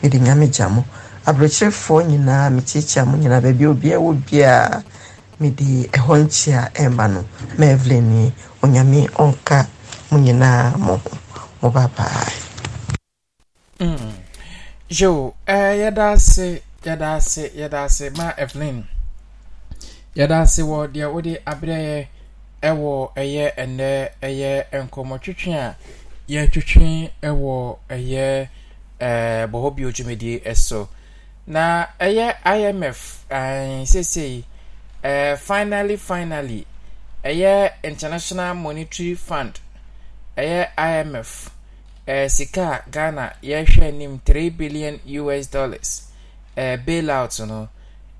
mede nyame gya mo aberɛkyerɛfoɔ nyinaa mekyekyia mo nyinaa baabi obiaa wɔ biaa mede ɛhɔ nkyia ɛma no ma evelyn ni onyame ɔnka mo nyinaa mo ho mo babae mm. yo eh, yɛda ase yɛda ase yɛda ase ma evelyn yɛda ase wɔ deɛ wode aberɛ yɛ ɛwɔ ɛyɛ ɛnɛ ɛyɛ nkɔmɔtwitwi a yɛtwitwi ɛwɔ ɛyɛ ɛɛ bɔhɔ bio dwumadie ɛso na ɛyɛ imf ɛɛn sesei ɛɛ finally finally ɛyɛ international monetary fund ɛyɛ imf ɛɛ sika ghana yɛhwɛ nim three billion us dollars ɛɛ bailout no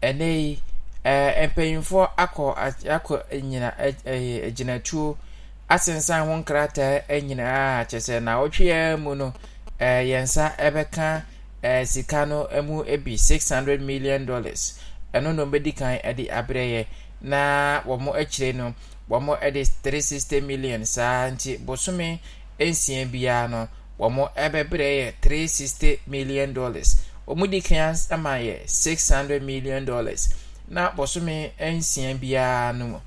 ɛnɛ yi ɛɛ eh, mpanyinfoɔ akɔ akɔ nyina ɛɛ eh, eh, agyinatuo asensan ho nkrataa nyinaa kyerɛ sɛ na ɔtwe mu no ɛɛ yɛn nsa ɛbɛka ɛɛ sika no mu bi six hundred million dollars ɛno na wɔbɛdi kan ɛde abrɛ yɛ na wɔn akyire no wɔn ɛde three sixty million saa nti bosome nsia biara no wɔn ɛbɛbrɛ yɛ three sixty million dollars wɔn di kan ama yɛ six hundred million dollars. na bɔsome nsia biara no mu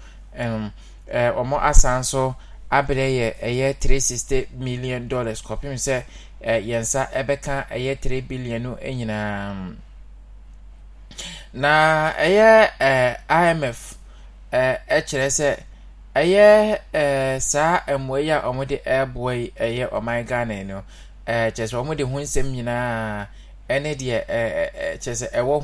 wɔn asan so abrɛ yɛ ɛyɛ three sixty million dollars kɔpem sɛ nsa ɛbɛka ɛyɛ three billion no nyinaa na ɛyɛ imf ɛkyerɛ sɛ ɛyɛ saa mmoa yi a wɔde ɛreboa yi ɛyɛ ɔman ghana no kyerɛ sɛ wɔde ho nsɛm nyinaa deɛ kyerɛ sɛ ɛwɔ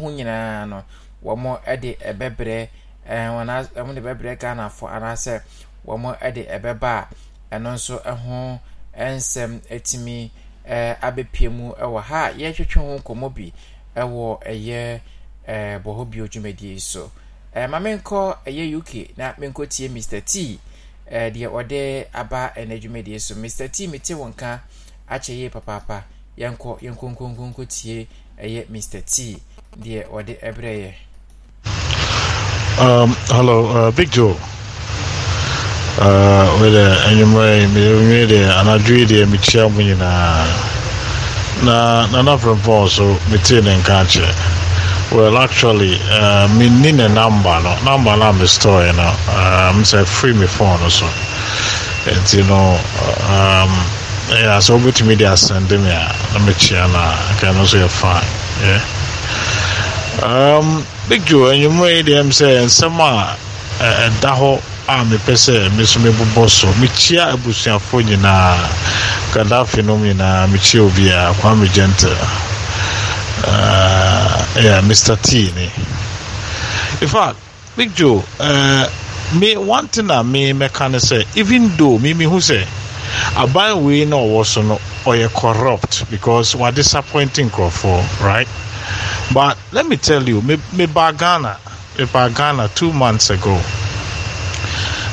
wɔn de bɛbrɛ ɛɛ wɔn as wɔn de bɛbrɛ ghanafoɔ anaasɛ wɔn de bɛba a ɛno nso ho nsɛm tumi ɛɛ abɛpie mu wɔ ha a yɛretwetwe ho nkɔmmɔ bi wɔ ɛyɛ ɛɛ bɔhɔ bio dwumadie so ɛɛ maame nkɔ ɛyɛ uk na menkɔ tie mr t ɛɛ deɛ ɔde aba ɛna dwumadie so mr t mete wɔn ka akyɛ yie papaapa yɛnkɔ yɛnkɔ nkɔ nkɔ nkɔ tie ɛyɛ mr t deɛ ɔde ɛbrɛ yɛ. Um, hallo, uh, Big Joe. wede enyimmerɛ yi mede deɛ anadwoe deɛ mekyia mu nyinaa na nanafrɛmpɔn so metee ne nka kyerɛ well actually uh, menni ne Number no namba no a mestɔe no um, uh, sɛ fri me phone no um, so nti no yeah, sɛ wobɛtumi de asɛnde me a uh, na mekyia no a nka no so yɛ fine yeah? Um, big joe anwummerɛ yi deɛ m sɛ nsɛm a ɛda hɔ a mepɛ sɛ me so mebobɔ so mekyia abusuafoɔ nyinaa gaddafi nom nyinaa mekyia obiaa kwame gentle eh, yeah, mr t ne in fact big joe uh, me one thing a me mɛka ne sɛ even though me mehu sɛ aban wei na ɔwɔ so no ɔyɛ corrupt because wade disappointing nkurɔfoɔ right But let me tell you, me, me by Ghana, me by Ghana two months ago.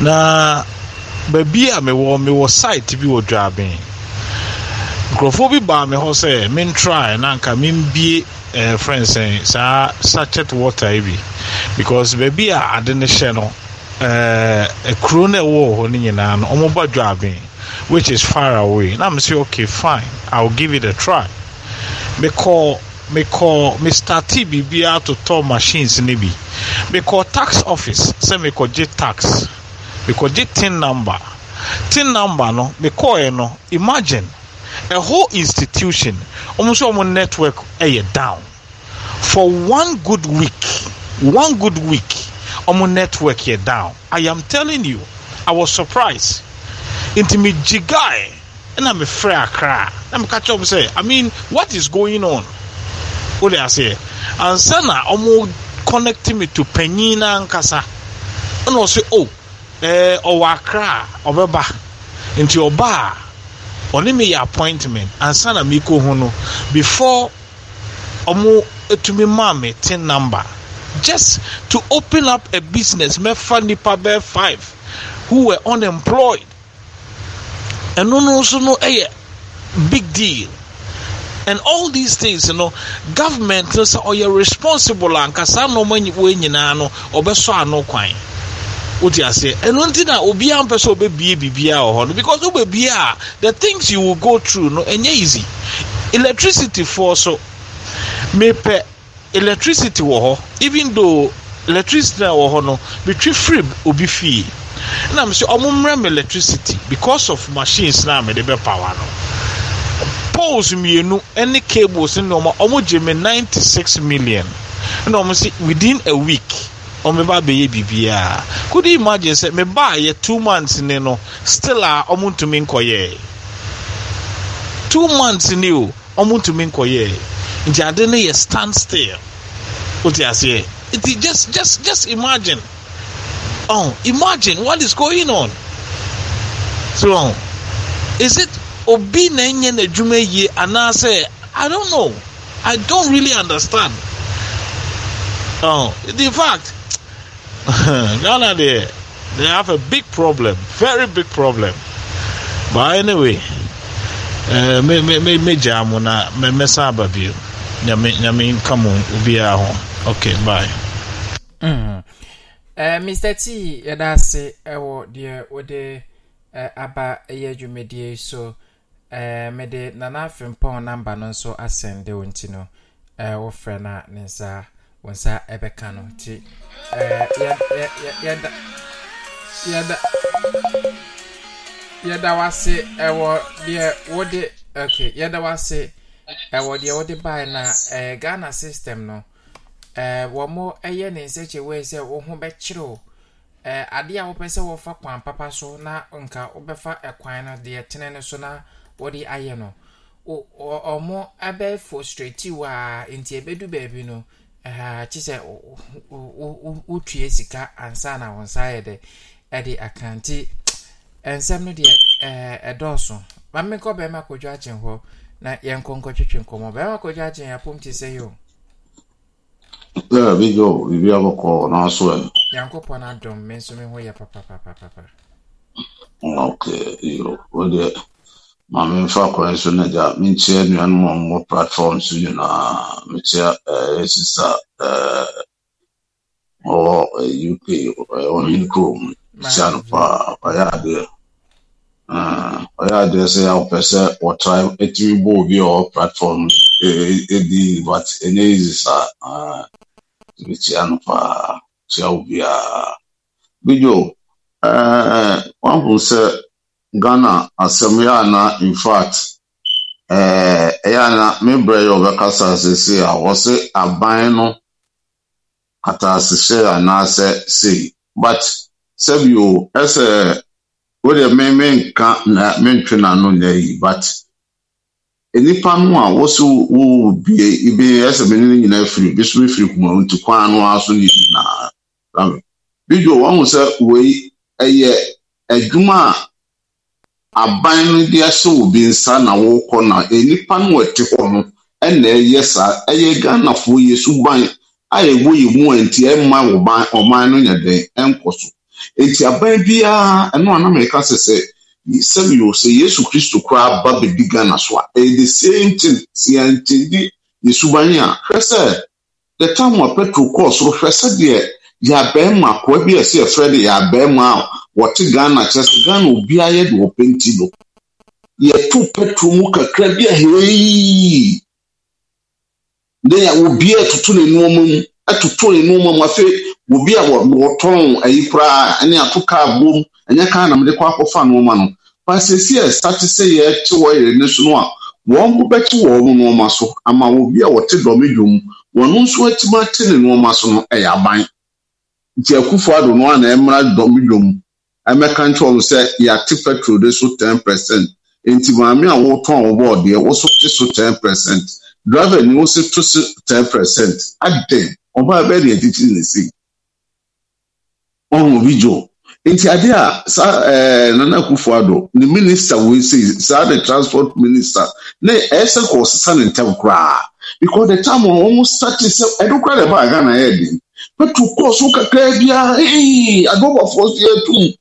Na baabi a ah, me mewɔ site bi wɔ dwabin nkurɔfoɔ bi baa me hɔ me try na anka membie ɛɛ eh, friends sɛn eh, saa sachet water yi bi because baabi a ah, ade ne hyɛ no a eh, ekuro na ɛwɔ hɔ no nyinaa no wɔn ba dwabin which is far away na m say okay fine i will give it a try mekɔɔ. Mister mestarte to totɔ machines no bi mekɔ tax office sɛ mekɔgye tax mekɔgye tin number tin number no mekɔɛ no imagine a whole institution ɔmo nso ɔmo network ɛyɛ down for one good week one good week ɔmo network yɛ down i am telling you i was surprised nti megye guy ɛna mefrɛ akra na meka catch up. sɛ i mean what is going on wode aseɛ ansa na ɔmo connect me to panyin na ankasa ɛna ɔsɛ o oh, ɛɛ eh, ɔwɔ akra a ɔbɛba nti ɔba a ɔne me yɛ appointment ansa na mi kɔ ho no before ɔmo etumi maa mi ten number just to open up a business mɛfa nipa bɛɛ five who were unemployed ɛno no nso no ɛyɛ big deal and all these things you no know, government no sɛ ɔyɛ responsible anka saa nneɛma wei nyinaa no Obeso ano kwan wotu aseɛ ɛno nti na obiara mpɛ sɛ ɔbɛbie biribiara wɔ hɔ no because wobɛbie a the things you will go through no ɛnyɛ easy electricity foɔ so mepɛ electricity wɔ hɔ even though electricity a wɔ hɔ no betwi firi obi fie na m sɛ ɔmo mmerɛ m electricity because of machines na mede bɛ power no poles mmienu ne cables ne nneɛma wɔn gye me ninety six million ɛna wɔn si within a week wɔn ba abɛyɛ biribiara could you imagine sɛ me ba yɛ two months ne no still a wɔn ntumi nkɔyɛ two months ne o wɔn ntumi nkɔyɛ nti ade no yɛ stand still o ti aseɛ nti just just just imagine oh imagine what is going on so is it obi na enye n'adwuma yie anaasɛ i don't know i don't really understand oh the fact ghana deɛ they have a big problem very big problem but anyway eh, me me me me gyaa mo na me me sa aba bio nyame nyame nka mo obiara ho okay bye. Mm. Uh, eh, mr t yɛda ase ɛwɔ deɛ wode uh, aba ɛyɛ dwumadie so. ee eh, mede na afei mpɔn namba no nso asɛn de wo nti no eh, wo frɛ na ne nsa wo nsa ɛbɛka no nti eh, yɛda wase ɛwɔ deɛ wode ok yɛda wase ɛwɔ deɛ wode baa na ɛɛ ghana system no ɛɛ wɔn mo ɛyɛ ne nsɛkyɛwee sɛ wo ho bɛkyerɛw ɛɛ adeɛ a wopɛ sɛ wɔfa kwan papa so na nka wobɛfa ɛkwan no deɛ tene no so na. wɔde ayɛ no ɔmo abɛ frustrate wa nti ebedu baabi no ɛkyi sɛ wotue sika ansa na wɔn nsa yɛ dɛ ɛde akante nsɛm no deɛ ɛɛ ɛdɔɔso maame kɔ bɛrima akɔdwa agyen hɔ na yɛn nkɔ nkɔtwitwi nkɔmɔ bɛrima akɔdwa agyen apom te sɛ yio. ɛɛ bi yɔ bibi abɔkɔ n'aso yɛ. yankopɔn adɔm mi nso mi ho yɛ papapapapa. ok yio o deɛ maame mfa kwan so na gya menkyia nnuanom a mmɔ platform so nyinaa mekyia eh, sisa eh, ɔwɔ eh, uk ɔhene kurom mekyia no paa ɔyɛ adeɛ ɔyɛ adeɛ sɛ wopɛ sɛ wɔtra tumi bɔ obi a ɔwɔ platform ɛdi but ɛnyɛ easy saa mekyia no paa kyia wo biaa bidwo wahu sɛ ghana asɛm yɛ ana infact eh, ɛyɛ ana me berɛ yɛ ɔbɛkasa asese a wɔse aban no ataasehyɛ anaasɛ sei but sɛbio ɛsɛ wodeɛ me menka na mentwe n'ano nyɛ yi but nnipa no a wɔso wɔbie ibi ɛsɛ me ne no nyinaa firi bi so mefiri kuma nti kwan no ara so ne nyinaa bi dwo wɔn sɛ wei ɛyɛ adwuma a aban no de ahyɛ obi nsa na wɔrekɔ na nnipa no ɛte hɔ no ɛna ɛyɛ saa ɛyɛ ghanafoɔ yɛ ban a ɛwɔ yi mu a nti ɛma ɔman ɔman no yɛ den ɛnkɔ so nti aban biara ɛno a nam ɛka sɛ sɛ sɛbi o sɛ yesu kristo koraa ba bɛdi ghana so a ɛyɛ the same thing sɛ yɛnkyɛndi yɛ suban a hwɛ sɛ the time a petro kɔɔ soro hwɛ sɛ deɛ yɛ abɛɛma koa bi a ɛsɛ ɛfrɛ de yɛ abɛɛma a wɔte ghana kyerɛ sɛ ghana obiara yɛ de wɔ penti no yɛto petro mu kakra bi a hei ne a obiara atoto ne nneɛma mu atoto ne nneɛma mu afei obi a wɔtɔn ayi koraa ɛne ato kaa bom ɛnyɛ kaa na mede kɔ akɔfa nneɛma no pasesi a sate sɛ yɛte wɔ yɛrɛ ne so no a wɔn ko bɛte wɔn nneɛma so ama obi a wɔte dɔm dwom wɔn nso atumi ate ne nneɛma so no ɛyɛ aban nti akufo ado no a na ɛmra dɔm dwom ɛmɛka nkyɛn wɔn sɛ yɛate petrol de so ten percent nti maame a wɔtɔn wɔn bɔɔl deɛ wɔso te so ten percent driver ni wɔso to so ten percent adɛn ɔbaa bɛɛ deɛ titiri ne se ɔhun obi jo nti ade a saa ɛɛ nana akufo ado ne minista wo esi saa de transport minister ne ɛsɛ kɔ ɔsesa ne ntɛm koraa because the time wɔn mo sati sɛ ɛdokura de ba ghana yɛ den petrol kɔɔso kakraa biara ee adobɔfoɔ so yɛ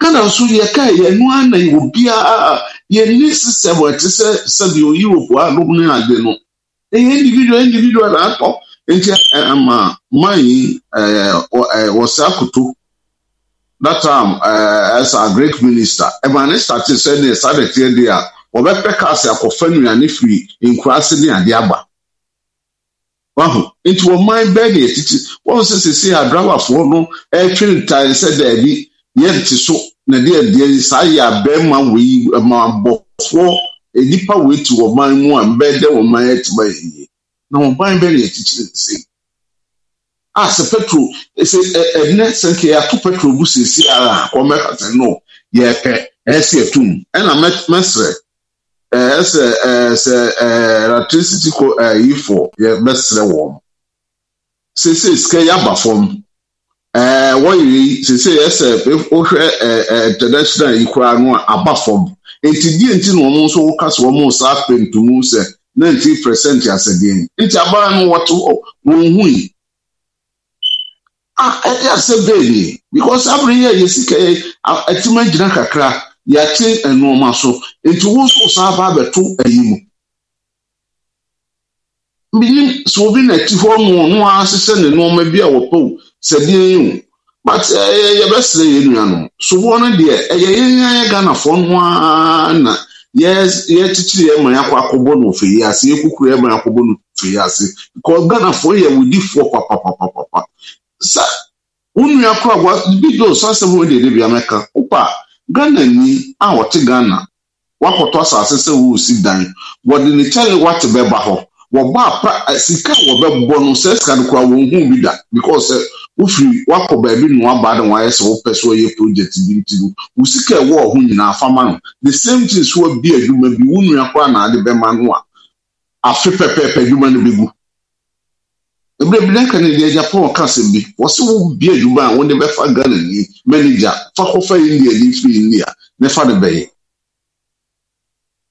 ghana nso yɛka yɛn no ana wɔ biara yɛne system a ɛte sɛ sɛdeɛ europe anom ne ade no ɛyɛ individual individual na atɔ nti ama man yi wɔ saa koto that time as a great minister ɛma ne start sɛ ne saa de teɛ deɛ a wɔbɛpɛ cars akɔfa nnuane firi nkuraase ne ade aba wahu nti wɔn man bɛɛ na yɛ titi wɔn sɛ sese adrawafoɔ no ɛretwe ntaare sɛ daabi yɛnte so na deɛ deɛ saa yɛ abɛɛma wei ɛma abɔfoɔ nipa wei te wɔn ban mu a mbɛɛ dɛ wɔn ban ɛtima yie na wɔn ban bɛɛ yɛ kyikyiri nse a sɛ petro sɛ ɛ ɛnɛ sɛ nkɛ yɛato petro bu sisi ara a wɔn bɛka sɛ no yɛpɛ ɛsɛ ɛtum ɛna mɛ mɛsrɛ ɛɛ sɛ ɛɛ sɛ ɛɛ electricity ko ɛɛ yifoɔ yɛ bɛsrɛ wɔn sese sika yɛ aba fam. wɔn yiri sese ɛsɛ wohwɛ ɛɛ international yi koraa no a aba fam eti die nti na wɔn nso woka so wɔn nsa apentumu sɛ ninety percent nti abaa no wọn hɔ wɔn hu yi a ɛyɛ asɛ beebi because abiri yɛ yɛ sika yɛ ɛtima gyina kakra yɛakye nneɛma so nti wɔn nso san aba abɛto ayi mu mmienu sɛ obi na ti hɔ no ɔno bi sɛ deɛ yi o but eh, no deɛ ɛyɛ na akɔbɔ no ase yɛkukuru no ase because yɛ papapapapa sa wonua kora wa bi do deɛ amɛka ni a wɔte ghana wakɔtɔ asase sɛ wɔresi dan wɔde ne wate bɛba hɔ wɔba apra eh, wɔbɛbɔ no sɛ sika no kora wɔn ho bi da eh, wofiri wakɔ baabi na waba de wayɛ sɛ wopɛ so ɔyɛ project bi nti no wo ɛwɔ ɔho nyinaa fama no the same thing so abi adwuma bi wo nua koraa na ade bɛma no a afe pɛpɛɛpɛ adwuma no bɛgu ebile bi n'aka ne deɛ japan ɔka asɛm bi wɔsi wo bi adwuma a wɔde bɛfa ghana ni manager fa kɔfa india ni firi india ne fa de bɛyɛ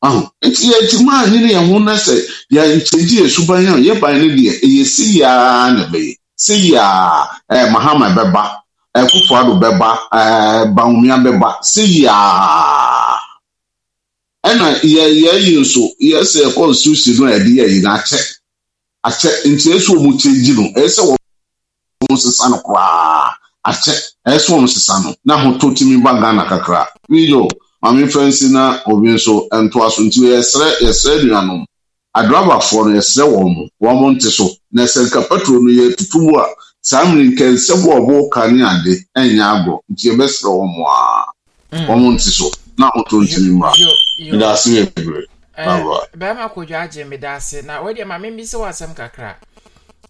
aho nti yɛ ti maa nyere yɛn ho na sɛ yɛn nkyɛn gye yɛ suban yɛn yɛ ban ne deɛ ɛyɛ si yaa na bɛyɛ. sɛ yia eh, mahama bɛba eh, kufuado bɛba eh, bahumia bɛba sɛ yia ɛna yɛ yɛyi nso yɛsɛ constitution no a yɛde yɛyi no akyɛ akyɛ nti ɛsɛ wɔn kyɛngyi no ɛsɛ wɔn sesa no koraa akyɛ ɛsɛ wɔn sesa no na ahoto timi ba ghana kakra video maame fɛnsi na obi nso ntoa so nti yɛsrɛ yɛsrɛ nuanom. adrabafoɔ no yɛsrɛ wɔn no wɔn mo so na sɛ nka petro no yɛ a saa mmiri nka nsɛm ɔbɔ ka ne ɛnyɛ agorɔ nti yɛbɛsrɛ wɔn mo mm. wɔn mo so na ahotɔ ntumi mu a meda ase yɛ bebree. Eh, bɛrima agye meda ase na wɔde maame sɛ wɔasɛm kakra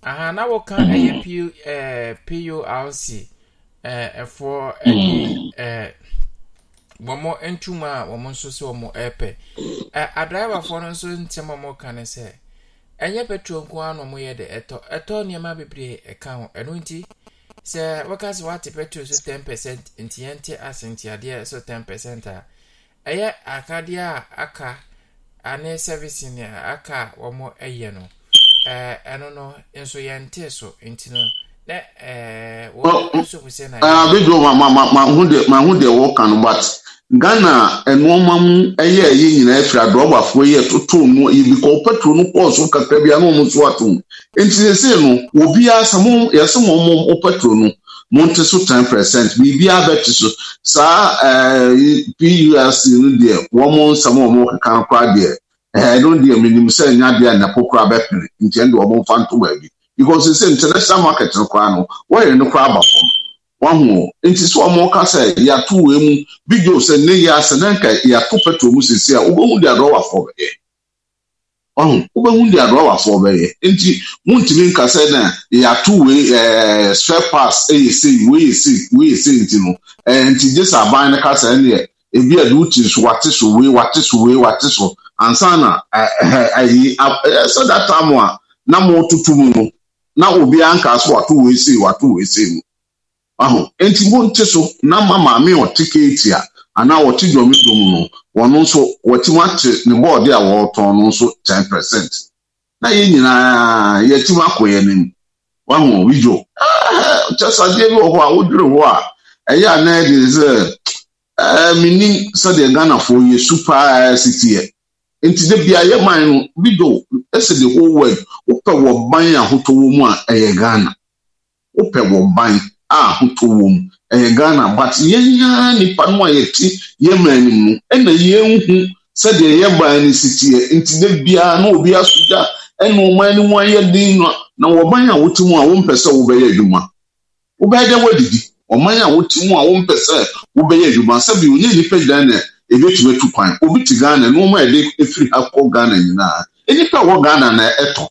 aha na wɔka mm. ɛyɛ eh, eh, ɛfoɔ ɛɛ. wɔn ntoma a wɔn nso so wɔn ɛrepɛ adraivafoɔ no nso ntɛm a wɔka ne sɛ ɛnyɛ petrol nko ara na wɔyɛ de ɛtɔ ɛtɔ nneɛma bebree ɛka ho ɛno nti sɛ wɔka sɛ wɔate petrol so ten percent ntiɛnti asɛntiadeɛ so ten percent a ɛyɛ akadeɛ a aka ane service a aka a wɔn ɛyɛ no ɛɛ ɛno no nso yɛnte so nti no. Eh, uh, mahu ghana mu ɛyɛ ɛyi nyinaa firi adrɔbafoɔ yi mu petro no kɔɔ so kakra bi nti no obiara sɛ mo yɛsɛ mo petro no mo nte so ten percent so saa ɛɛ pus no deɛ wɔn nsɛm wɔn kora deɛ ɛɛ no deɛ sɛ deɛ bɛpere nkyɛn deɛ because sɛ international market no koraa no wɔyɛ no koraa aba fam wahu nti sɛ wɔn ka sɛ yɛato wɔ mu video sɛ ne yɛ asɛ na nka yɛato petrol mu sisi a wobɛhu deɛ adɔwɔ afɔ bɛyɛ wahu wobɛhu deɛ adɔwɔ afɔ bɛyɛ nti muntumi nka sɛ na yɛato wɔ ɛɛ eh, spare parts ɛyɛ eh, sei wɔyɛ sei wɔyɛ sei nti no ɛɛ eh, nti gye sɛ aban no ka sɛ ɛneɛ ebi a de wuti so wate so wei wate so wei wate so ansa ɛɛ ɛyi ɛsɛ data mu na ubianka so watu wese watu isii mu ahụ enti mo so na mama a ana wɔte dwomidwom no wɔno nso wɔtim ate ne a wɔretɔn no nso ten na ihe nyinaa yɛtim akɔ yɛn anim ah, bi a a nti sɛ beaeɛ man no bi do ɛsɛ the whole world wopɛ wɔ ban a ahotɔ wɔ mu a ɛyɛ ghana wopɛ wɔ ban a ahotɔ wɔ mu ɛyɛ ghana but yɛn nyinaa nipa no a yɛte yɛn man no mu ɛna yɛn hu sɛdeɛ yɛn ban no si teɛ nti dɛ biara na obi asogya ɛna ɔman no mu ayɛ den no na wɔ ban a wote mu a wɔmpɛ sɛ wobɛyɛ adwuma wobɛyɛ dɛ wɔadidi ɔman a wote mu a wɔmpɛ sɛ wobɛyɛ adwuma sɛbi onye nipa gyina na ebetumi atu kwan obi te ghana nneɛma a yɛde efiri ha kɔ ghana nyinaa nnipa wɔ ghana na ɛtɔ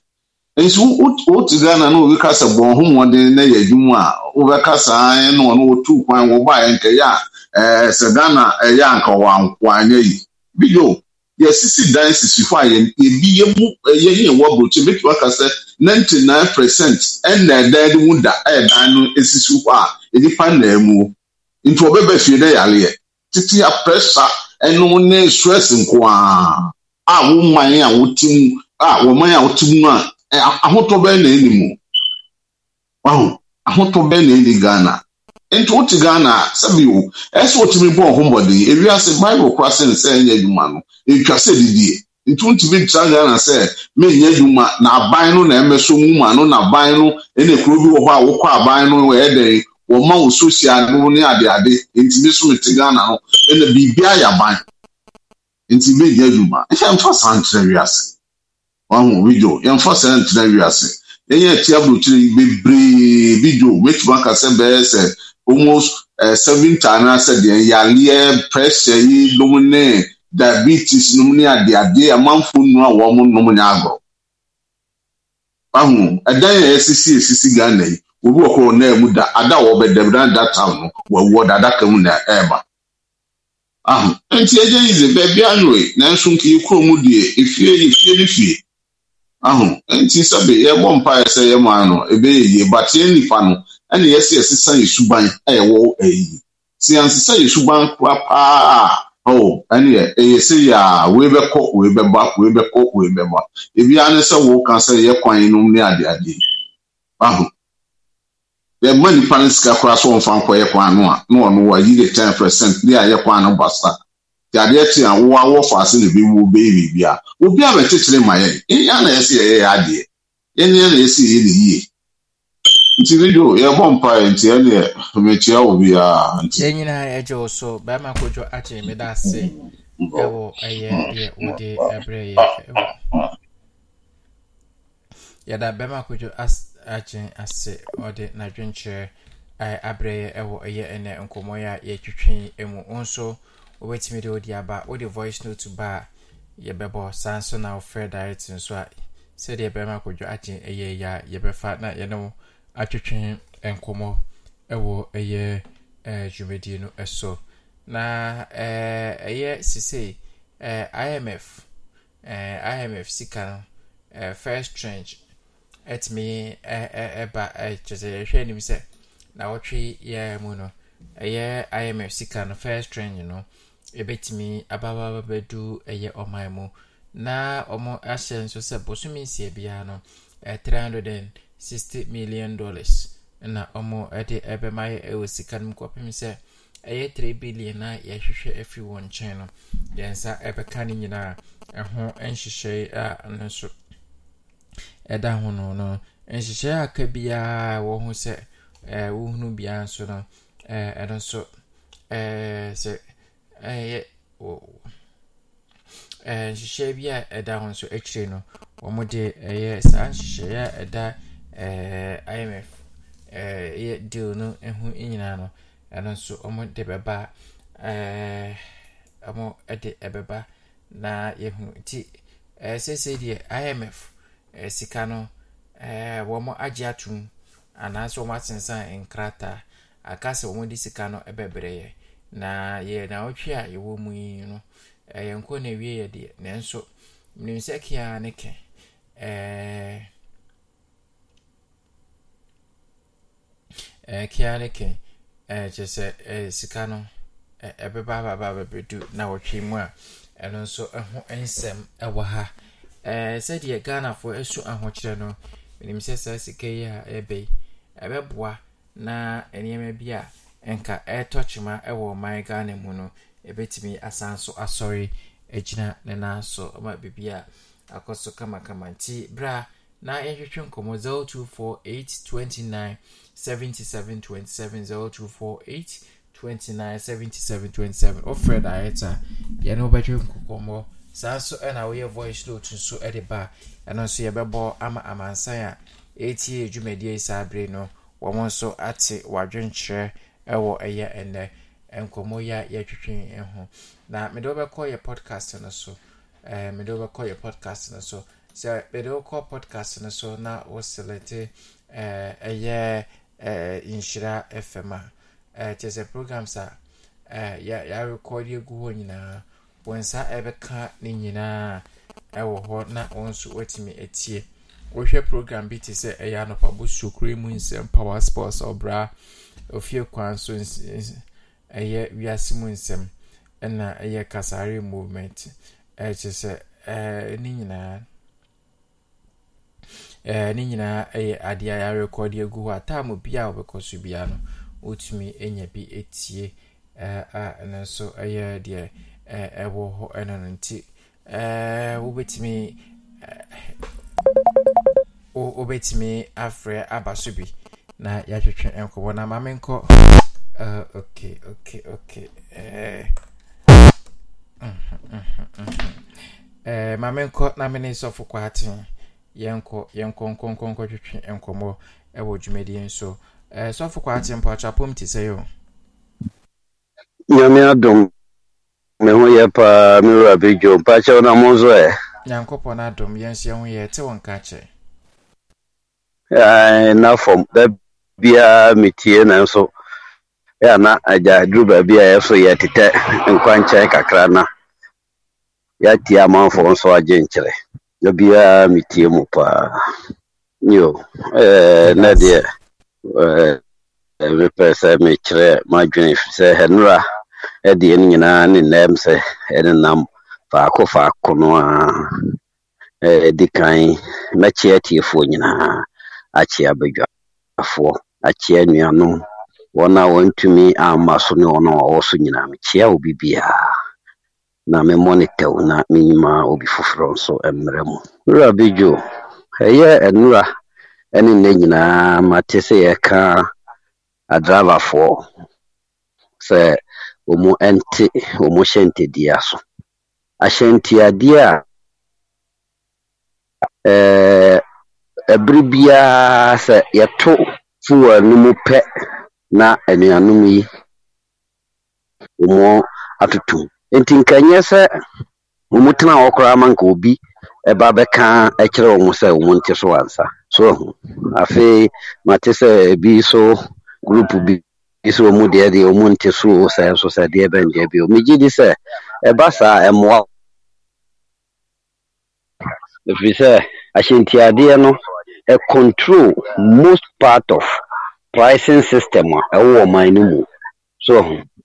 nso wote ghana na obi kasa bɔn ho mmɔden na yɛ adwuma a wobɛka saa na ɔno wɔtu kwan wɔbaeɛ nkɛyɛ a ɛɛ sɛ ghana ɛyɛ anka wɔanyɛ yi bio yɛsisi dan sisi hɔ a yɛn ebi yɛ mu ɛyɛ yɛn wɔ aburokyi bɛtumi aka ninety nine percent ɛna ɛdan de mu da ɛyɛ dan no esisi hɔ a nipa na ɛmu nti ɔbɛbɛ fie na yɛ aleɛ titi a ɛno ne stress nko ara a wo mmanye a wote mu a wo man a wote mu a ahotɔ bɛn na ɛni mu wahu ahotɔ bɛn na ɛni ghana nti wote ghana sɛbi o ɛsɛ wotumi bɔ ɔho mbɔden ase bible kora sɛ ne sɛ ɛnyɛ adwuma no etwa sɛ didie nti wontumi gyina ghana sɛ menyɛ adwuma na aban no na ɛmɛso mu ma no na aban no ɛna kuro bi wɔ hɔ a wokɔ aban no ɛyɛ dɛn wɔma wo sosia no ne adeade ntumi so mete ghana no ɛna biribi ayɛ aban nti bɛdi adwuma ɛhyɛ mfa saa nkyerɛ wiase ɔho bidio yɛmfa saa nkyerɛ wiase yɛyɛ ɛti aburokyire bebree bidio mɛtuma kasa bɛyɛ sɛ almost uh, seven times ase deɛ yaleɛ pressure yi nom ne diabetes nom ne adeade amanfo nu a wɔn nom ne agorɔ ahu ɛdan yɛ esisi esisi ghana yi obi wɔ kɔ ɔnan mu da ada a wɔbɛdɛm dan da town no wɔwɔ da adaka mu na ɛɛba ah nti ɛgye yi dze baabi anwere nanso nke yi kurom deɛ efie ne fie ne fie aho nti sɛbe yɛbɔ mpaeɛ sɛ yɛ maa no ebɛyɛ yie bateɛ nipa no ɛna yɛsi ɛsesa yɛ suban a yɛwɔ ɛyi si ansesa yɛ suban kura paa ɔwɔ ɛne yɛ ɛyɛ sɛ yɛ a wei bɛkɔ wei bɛba wei bɛkɔ wei bɛba ebi ara ne kan sɛ yɛ kwan nom ne adeade aho. deɛ nipa no sika koraa so anụ nkɔ kwan no a na ɔno wɔ ayi de ten percent de a kwan no de adeɛ te a wɔwɔ awɔ na ebi wɔ biribi a obi a bɛkyekyere ma yɛn yɛn na yɛsi yɛyɛ yɛ adeɛ yɛn na yɛsi yɛ na yie nti yɛbɔ mpa yɛ nti deɛ wɔ nti. yɛn nyinaa so akyere mi da ase ɛwɔ ɛyɛ deɛ ɛbrɛ yɛ yɛda ase. agyen ase ɔde n'adwenkyerɛ abrɛ yɛ ɛwɔ ɛyɛ ɛnɛ nkɔmmɔ a yɛtwitwe mu nso wobɛtumi de wode aba wode voice note ba a yɛbɛbɔ saa nso na wofrɛ direct nso a sɛdeɛ bɛrima akɔdwa agye ɛyɛ yɛ a yɛbɛfa na yɛne wo atwetwe nkɔmmɔ ɛwɔ ɛyɛ dwumadie no ɛso na ɛyɛ sisei imf imf sika no first tranche ɛtumi ɛba ɛkyɛ sɛ yɛhwɛ anim sɛ na wɔtwe yɛa mu no ɛyɛ imf sika no first trend no ɛbɛtumi abababa bɛdu ɛyɛ ɔman mu na ɔmo ahyɛ nso sɛ bosome nsia biara no three hundred and sixty million dollars na ɔmo ɛde ɛbɛma yɛ ɛwɔ sika no mu kɔpem sɛ ɛyɛ three billion a yɛhwehwɛ afiri wɔn nkyɛn no yɛn nsa ɛbɛka no nyinaa ɛho nhyehyɛe a no nso ɛda ho no no nhyehyɛeɛ aka biara ɛwɔ ho sɛ ɛɛ wohunu biara nso no ɛɛ ɛno nso ɛɛ sɛ ɛyɛ wɔ ɛɛ nhyehyɛeɛ bi a ɛda ho nso akyire no wɔn de ɛyɛ saa nhyehyɛeɛ a ɛda ɛɛ IMF ɛɛ yɛ deal no ho nyinaa no ɛno nso wɔn de bɛba ɛɛ wɔn de ɛbɛba na yɛhunu ti ɛɛ sɛsɛ deɛ IMF. Eh, sika no eh, wɔn agye atum anaasɛ wɔn asensan nkrataa aka sɛ wɔn de sika no bɛbrɛɛ na yɛ na naawɔtwe a yɛwɔ mu yi no ɛyɛ eh, nko na ewie yɛ deɛ nanso mmienu sɛ kia ne kɛ ɛɛ ɛɛ kia ne kɛ ɛɛ kyerɛ sɛ ɛɛ sika no ɛɛ ɛbɛba ababa abɛbɛdu na wɔtwe mu a ɛno nso ɛho nsɛm ɛwɔ ha. sɛdeɛ ghanafoɔ ɛso ahokyerɛ no menim sɛ saa sika yi a ɛbɛ yi ɛbɛboa na nneɛma bi a nka ɛretɔ kyema wɔ ɔman ghana mu no ɛbɛtumi asan so asɔre agyina ne nan so ma biribi a akɔ so kamakama nti berɛ na yɛhwehwɛ nkɔmmɔ 0248297727 7727 024829 7727 ɔfrɛ daɛta yɛne wobɛtwe nkɔmmɔ saa nso na woyɛ voice note nso de ba ɛno nso yɛbɛbɔ ama amansan a ɛretie dwumadie yi saa bere no wɔn nso ate wadwenkyerɛ wɔ ɛyɛ ɛnɛ nkɔmmɔ yi a yɛatwitwe ho na mede wobɛkɔ yɛ podcast no so ɛɛ mede wobɛkɔ yɛ podcast no so sɛ mede wokɔ podcast no so na woselete ɛɛ ɛyɛ ɛɛ nhyira fm a ɛɛ kyerɛ sɛ programs a ɛɛ yɛ yɛarekɔde egu hɔ nyinaa. wɔn nsa bɛka ne nyinaa wɔ hɔ na wɔn nso wɔatumi atie wɔhwɛ program bi te sɛ ɛyɛ anɔpabo sukuu mu nsɛm power sports ɔbra ofie kwan so ɛyɛ wiase mu nsɛm ɛna ɛyɛ kasare movement ɛkyɛ sɛ ɛɛ ne nyinaa ɛɛ ne nyinaa ɛyɛ adeɛ a yɛarekɔde agu hɔ ataamu taamu bi a wɔbɛkɔ so bia no wotumi anya bi etie ɛɛ a ɛno nso ɛyɛ deɛ. ɛwɔ hɔ ɛna no nti eh, wobɛtumi eh, wobɛtumi afrɛ aba so bi na yɛatwetwe nkɔbɔ na ma menkɔ eh, okay okay okay mhm, mhm, mhm. ma menkɔ na mene sɔfo kɔ aten yɛnkɔ yɛnkɔ nkɔnkɔnkɔ twetwe nkɔmmɔ ɛwɔ dwumadie so sɔfo kɔ aten mpɔ atwapɔm te sɛ yɛ nyame adom me ho yɛ paa me wura bɛdwo mpakyɛ wo nam wo nso ɛ nyankopɔn adom yɛnso yɛ ho yɛ te wo nka kyɛ na fam da metie nanso ɛa na agya duru baabi a yɛso yɛtetɛ nkwankyɛn kakra na yɛatie amanfoɔ nso agye nkyerɛ da biara metie mu paa yo na deɛ mepɛ sɛ mekyerɛ m'adwene sɛ ɛnora deɛ no nyinaa ne nnɛm sɛ ɛne nam faako faako no a ɛdi kan mɛkyɛ atiefoɔ nyinaa akyɛ abadwafoɔ akyɛ nnuanom wɔn a wɔntumi amma so ne wɔn a wɔwɔ so nyinaa mekyea obi biara na memmɔ ne tɛw na menyima obi foforɔ nso mmerɛ mu nwura bidwo ɛyɛ nnura ne nnɛ nyinaa mate sɛ yɛka adravafoɔ sɛ wɔnte wɔn hyɛntadeɛ so. Ahyɛntadeɛ a ɛɛɛ ɛbere biara sɛ yɛto fuel no mu pɛ na anuanom yi wɔn atutu, mu. Nti nkanyɛ sɛ wɔn tena hɔ koraa ma nka obi ɛba bɛka ɛkyerɛ wɔn sɛ wɔn nte so ansa. So afei mate sɛ ebi so group bi gye sɛ ɔmu deɛ deɛ ɔmu nte soro saa nso sɛ deɛ bɛn deɛ bio megye di sɛ ɛba e saa e ɛmmoa e ɛfiri sɛ ahyɛntiadeɛ no ɛcontrol most part of pricing system a ɛwɔ ɔman no mu so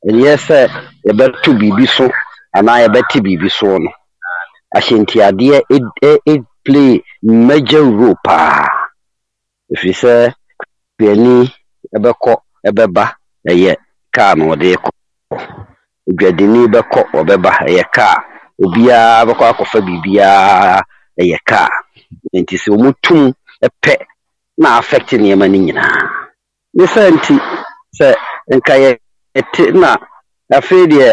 ɛnyɛ sɛ yɛbɛto biribi so anaa yɛbɛte biribi so no ahyɛntiadeɛ play major role paa ɛfiri sɛ piani ɛbɛkɔ ɛbɛba ɛyɛ kaa na wɔde kɔ dwadini bɛkɔ ɔbɛba ɛyɛ kaa obiara bɛkɔ akɔfa biribiara ɛyɛ kaa nti sɛ wɔn tum pɛ na affect nneɛma no nyinaa ne sɛ nti sɛ nka ɛte na afei deɛ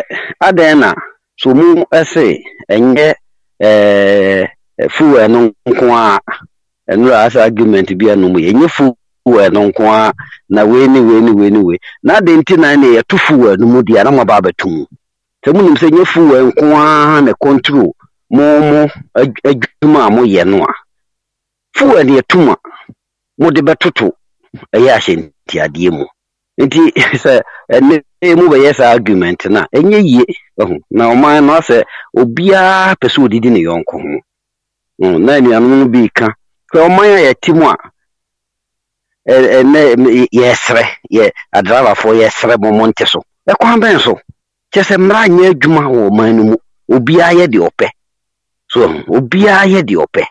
adan na so mu ɛse ɛnyɛ ɛɛ fuel no nko a nnura asa argument bi anom yɛnyɛ fuel fuel no nko a na wei ne wei ne wei ne wei na ade nti na ne yɛto fuel no mu deɛ na maba abɛto mu sɛ munim sɛ nyɛ fuel nko a na control mo mo adwuma a moyɛ no a fuel ne yɛto mu a mode bɛtoto ɛyɛ ahyɛntiadeɛ mu nti sɛ ɛnɛ mu bɛyɛ saa argument na ɛnyɛ yie na ɔman no asɛ obiara pɛ sɛ odidi ne yɔnko ho na nnuanom no bi ka sɛ ɔman a yɛte mu a yɛsrɛ yɛ adrabafoɔ yɛsrɛ mo mo nte so ɛkwan bɛn so kyɛ sɛ mmara nyɛ adwuma wɔ ɔman no mu obiara yɛ deɛ ɔpɛ so obiara yɛ deɛ ɔpɛ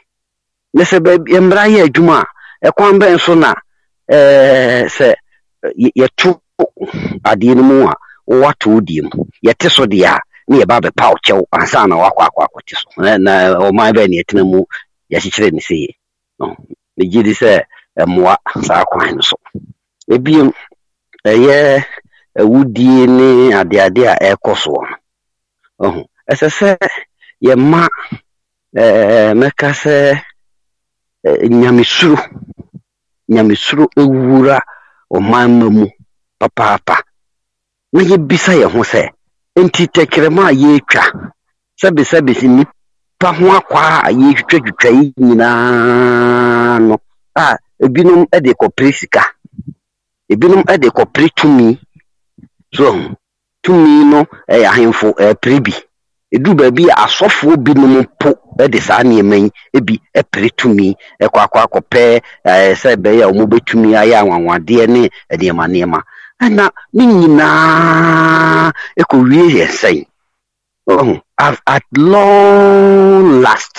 ne sɛ mmara yɛ adwuma a ɛkwan bɛn so na ɛɛ sɛ yɛto adeɛ no mu a wɔwato wo deɛ mu yɛte so deɛ a ne yɛba bɛpa wo kyɛw ansa na wakɔ so na ɔman bɛn ne yɛtena mu yɛakyekyerɛ ne sɛ yɛ megye di sɛ mmoa saa kwan no so ebiem ɛyɛ awudie ne adeade a ɛrekɔ soɔ no ɔho ɛsɛ sɛ yɛma ɛɛ mɛka sɛ nyamesuro nyamesuro ewura ɔman ma mu papaapa na yɛbisa yɛn ho sɛ nti tɛkrɛma a yɛretwa sɛbisɛbi nipa ho akwa a yɛretwitwa twitwa yi nyinaa no a ebinom de kɔpere sika ebinom de kɔpere tumi so tumi no yɛ ahemfo ɛpere bi Edu baabi a asɔfoɔ binom po de saa nneɛma yi bi pere tumi kɔ akɔ akɔpɛ sɛ ɛbɛyɛ a wɔbɛtumi ayɛ anwanwadeɛ ne nneɛma nneɛma ɛna ne nyinaa wie yɛ sɛn Oh, at, at long last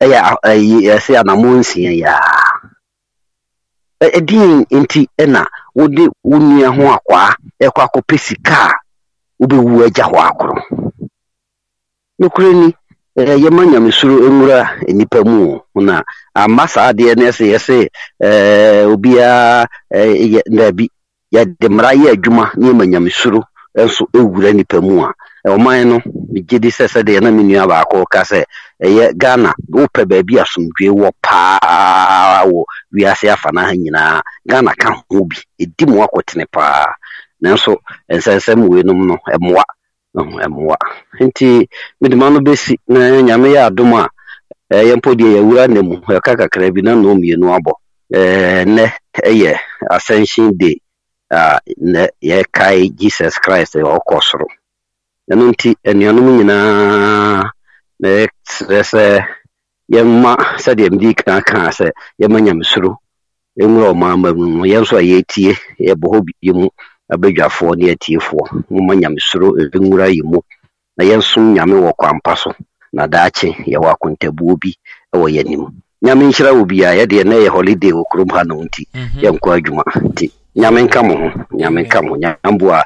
ɛyɛ ɛyɛ ɛsɛ anamɔ nsia yaa ɛdeɛn nti ɛna wode wo nua ho akwaa ɛkɔ akɔpɛ sika a wobɛwu agya hɔ akoro nokorɛ ni yɛma nyamesuro nwura nnipa mu na amma saa adeɛ no ɛsɛ yɛse obiaa daabi yɛde mmara yɛ adwuma na yɛma nyamesuro nso ɛwura nnipa mu a ɔman no gye di sɛ sɛdeɛ na me nua baako ka sɛ ɛyɛ ghana wopɛ baabi asomdwee wɔ paa wɔ wiase afa no ha nyinaa ghana ka ho bi ɛdi mu akɔtene paa nanso nsɛnsɛm weinom no ɛmmoa ɛmmoa nti medema no bɛsi na nyame yɛ adom a ɛyɛ mpo deɛ yɛwura nna mu ɛka kakra bi na nnɔ mmienu abɔ nnɛ ɛyɛ ascension day a nnɛ yɛkae jesus christ ɔkɔ soro ɛno nti anuanom nyinaa na sɛ yɛma sɛdeɛ mede ka kaa sɛ yɛma nyamesuro ɛwura ɔmaama mu no yɛn nso a yɛtie yɛbɔ hɔ mu abadwafoɔ ne atiefoɔ moma nyamesuro ɛwura yɛ mu na yɛnsom nyame wɔ kwampa so na daakye yɛwɔ akontabuo bi ɛwɔ yɛanim nyame nhyira wɔ bia yɛdeɛ na ɛyɛ holiday wɔ kurom ha no nti mhm. yɛnkɔ adwuma nti nyame nka mo ho nyame nka mo nyamboa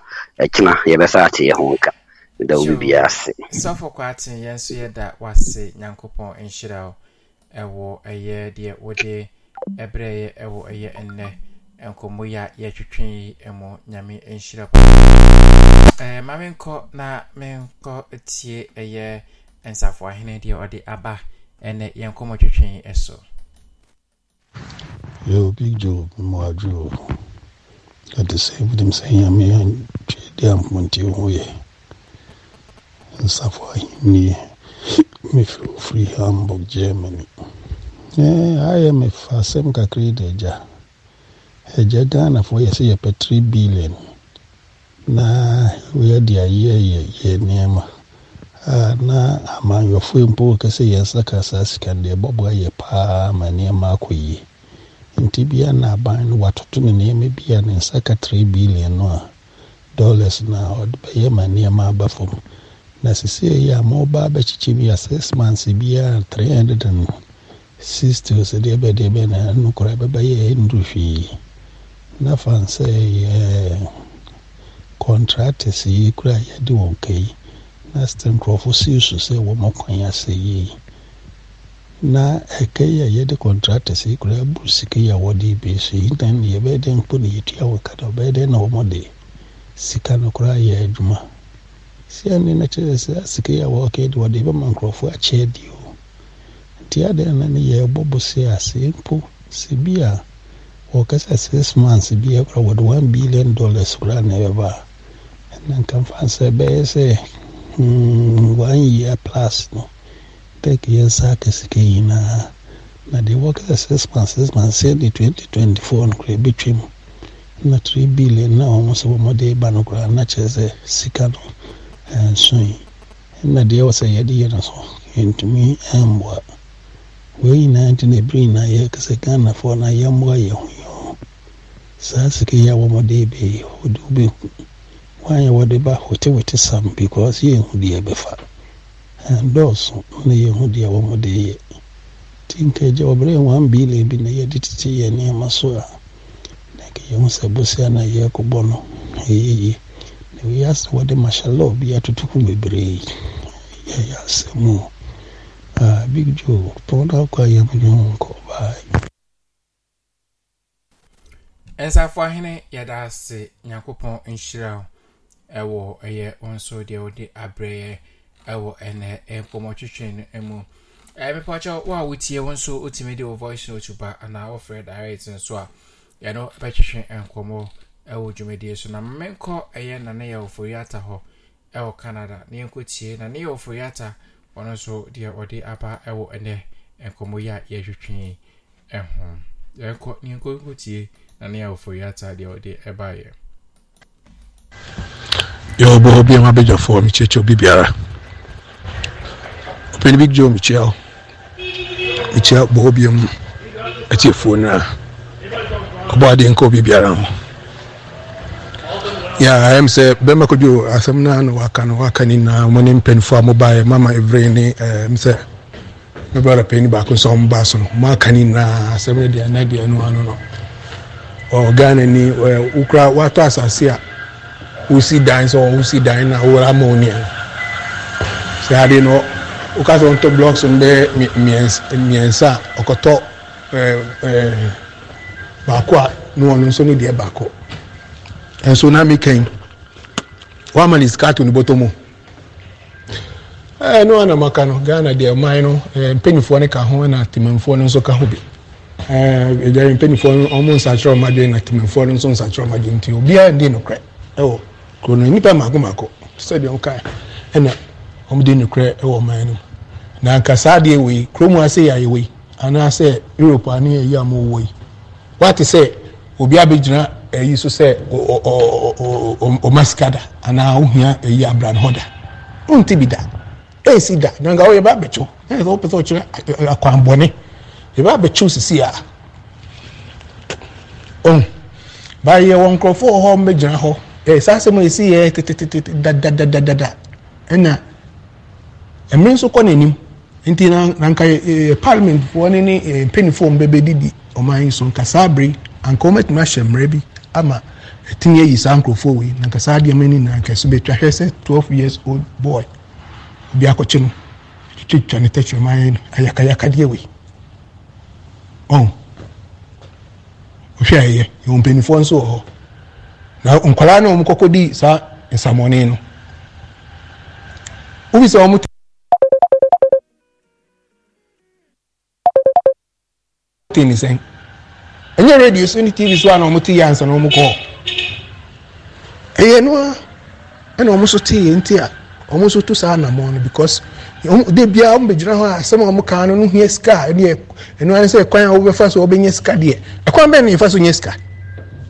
ɛkyena yɛbɛsa akye yɛ ho nka da wo bi ase safo kwate yɛn so yɛ da wase nyankopɔn nhyira wo ɛwɔ ɛyɛ deɛ wode ɛbrɛ yɛ ɛwɔ ɛyɛ nnɛ nkɔmmɔ yi a yɛtwetwe yi ɛmɔ nyame nhyira pa ɛɛ eh, ma menkɔ na menkɔ tie ɛyɛ nsafoahene deɛ ɔde aba ɛnɛ yɛn nkɔmmɔ twetwe yi ɛso yo big job mmɔ adwo ɔde sɛ wodem sɛ nyame antwe de ampɔnteɛ ho yɛ Safar Hindiya me firi Hamburg, Germany. Eh, ayɛ me fa asɛm kakra da agya. Agya Ghanafoɔ yɛ sɛ yɛpɛ 3 billion. Na yɛde ayɛ yɛ nneɛma. Ah, na amanyɔfoɔ mpo wɔka sɛ yɛnsa ka saa sika no deɛ ɛbɔboa yɛ paa ma nneɛma akɔ yie. Nti bia na aban no watoto ne nneɛma bi a ne nsa ka billion no a dollars na ɔde bɛyɛ ma nneɛma aba fam. na seseei a ma ɔba abɛkyekyɛ bi a six months biara three hundred and sixty sɛ deɛ bɛ deɛ bɛ na no koraa bɛbɛyɛ nnuru hwee na fa nsɛ yɛ contractors yi koraa yɛde wɔn ka yi na sɛ nkurɔfo sii so sɛ wɔn kwan asɛ yie na ɛka yi a yɛde contractors yi koraa buru sika yi a wɔde bi so yi dan yɛbɛyɛ dɛn mpo na yɛtua wɔ ka ɔbɛyɛ dɛn na wɔn de sika no koraa yɛ adwuma. siane no kyerɛ sɛ sika yi a wɔɔka de wɔde bɛma nkurɔfoɔ akyɛ deɛ o nti adɛn na ne yɛbɔ bose ase mpo sɛ bi a sɛ six months bi ɛkora wɔde one billion dollars koraa na ɛbɛba a ɛna nkamfa sɛ ɛbɛyɛ mm, sɛ one year plus no bɛka yɛ aka sika nyinaa na deɛ wɔka sɛ six months six months sɛde twenty twenty four no koraa ɛbɛtwam na three billion na wɔn sɛ wɔmɔde ba no koraa na kyerɛ sɛ sika no nson ɛna deɛ wɔ sɛ yɛde yɛ no so yɛntumi amboa wei nyinaa nti na ɛbere nyinaa yɛka sɛ ghanafoɔ no yɛmmoa yɛ ho yɛ ho saa sika yi a wɔmɔde bɛyi wode wobɛhu woanyɛ wɔde ba wetewete sam because yɛnhu deɛ ɛbɛfa dɔɔso na yɛhu deɛ wɔmɔde yɛ nti nka agya wɔbrɛ yɛ one billion bi na yɛde tete yɛ nneɛma so a na yɛhu sɛ bosea na yɛkɔbɔ no ɛyɛ wiase wɔde mahyɛlɛ bi atoto ho bebree yɛyɛ asɛm o big joe pɔn no akɔ ayɛ mu ne ho nkɔ bae nsafo ahene yɛda ase nyankopɔn nhyira wo ɛwɔ ɛyɛ wo nso deɛ wode abrɛɛ ɛwɔ ɛnɛ mpɔmɔtwetwe no mu mepɔkyɛ wo a wotie wo nso wotumi de wo voice note ba anaa wofrɛ direct nso a yɛno bɛtwetwe nkɔmmɔ ɛwɔ dwumadie so na mmekɔ ɛyɛ nane yɛ oforiata hɔ ɛwɔ canada na yɛnkɔ tie nane yɛ oforiata ɔno nso deɛ ɔde aba ɛwɔ ɛnɛ nkɔmmɔ yi a yɛhwetwe ɛho yɛnkɔ yɛnkɔ nkɔ tie nane yɛ oforiata deɛ ɔde ɛbaeɛ yɛwɔbɔ hɔ biama bɛgyafoɔ mekyekyɛ obi biara ɔpɛne bi gyo mekyia wo mekyia bɔ hɔ biamu atiefuo no a ɔbɔ adeɛ nka obi biara ho ya ɛm sɛ bɛma kɔdwo asɛm no na waka no waka ni na mo ne mpanifo a mobaeɛ mama ɛvrɛ ne eh, ɛm sɛ me brada pani baako nso a ɔmba so no moaka ni nyinaa asɛm no deɛ na deɛ no ano no ɔghana ni wokora woatɔ asase a wosi dan sɛ wosi dan na wowra ama wo nea sɛ ade no woka sɛ wontɔ blocks no bɛyɛ mmiɛnsa a ɔkɔtɔ baako a ne ɔno nso no deɛ baako And ẹ̀sùn náà mi kẹ́yìn wọ́n àmàlì skáàtù ní bọ́tọ́ mu ɛɛ ne wana maka no ghana deɛ ɔman no ɛɛ mpanimfoɔ no ka ho ɛna temanfoɔ no nso ka ho bi ɛɛ ɛdɛ mpanimfoɔ no ɔmo nsakyerɛ ɔmo adwene na temanfoɔ no nso nsakyerɛ ɔmo adwene nti obiara ndi nokorɛ ɛwɔ kuro no nipa mako mako sɛdeɛ ɔka ɛna ɔmo di nokorɛ ɛwɔ ɔman no mu na nka saa adeɛ wɔ yi kurom ase yɛ ayɛ wɔ yi anaasɛ europe ani yɛ yi a mo wɔ yi wate sɛ obi abɛgyina ɛyi so sɛ ɔma sika da anaa wohia ɛyi abran hɔ da wonte bi da ɛsi da nanka woyɛ bɛa bɛkyew ɛsɛ wopɛ sɛ wokyerɛ akwanbɔne yɛbɛa bɛkyew sisi a ɔn baayɛ wɔ nkurɔfoɔ hɔ mbɛgyina hɔ ɛyɛ saa asɛm a ɛsi yɛ tetetete dadadadada ɛna ɛmɛ nso kɔ n'anim nti nanka parliament foɔ ne ne mpanyinfoɔ mbɛbɛdidi ɔman yi so nka saa abiri anka wɔn atumi ahyɛ mmerɛ bi ama ɛtin yɛyi saa nkurɔfoɔ wei na nka saa adeɛ ma ni na nka so bɛtwa hwɛ sɛ twelve years old boy obi akɔkye no twitwa ne tɛkyerɛ ma ayɛ no ayakayakadeɛ wei ɔn ohwɛ ayɛyɛ yɛwɔ mpanimfoɔ nso wɔ hɔ na nkwaraa no a wɔn kɔkɔ di saa nsamɔne no wobi sɛ wɔn. Tinisɛn. ɛnyɛ radio so ne tv so a na wɔn te yɛ ansa na wɔn kɔ ɛyɛ noa ɛna wɔn nso te yɛ nti a wɔn nso to saa anamɔ no because de bia wɔn bɛgyina hɔ a asɛm a wɔn kan no no hia sika ɛneɛ ɛnua ne sɛ kwan a wɔbɛfa so wɔbɛnya sika deɛ ɛkwan bɛn na yɛfa so nya sika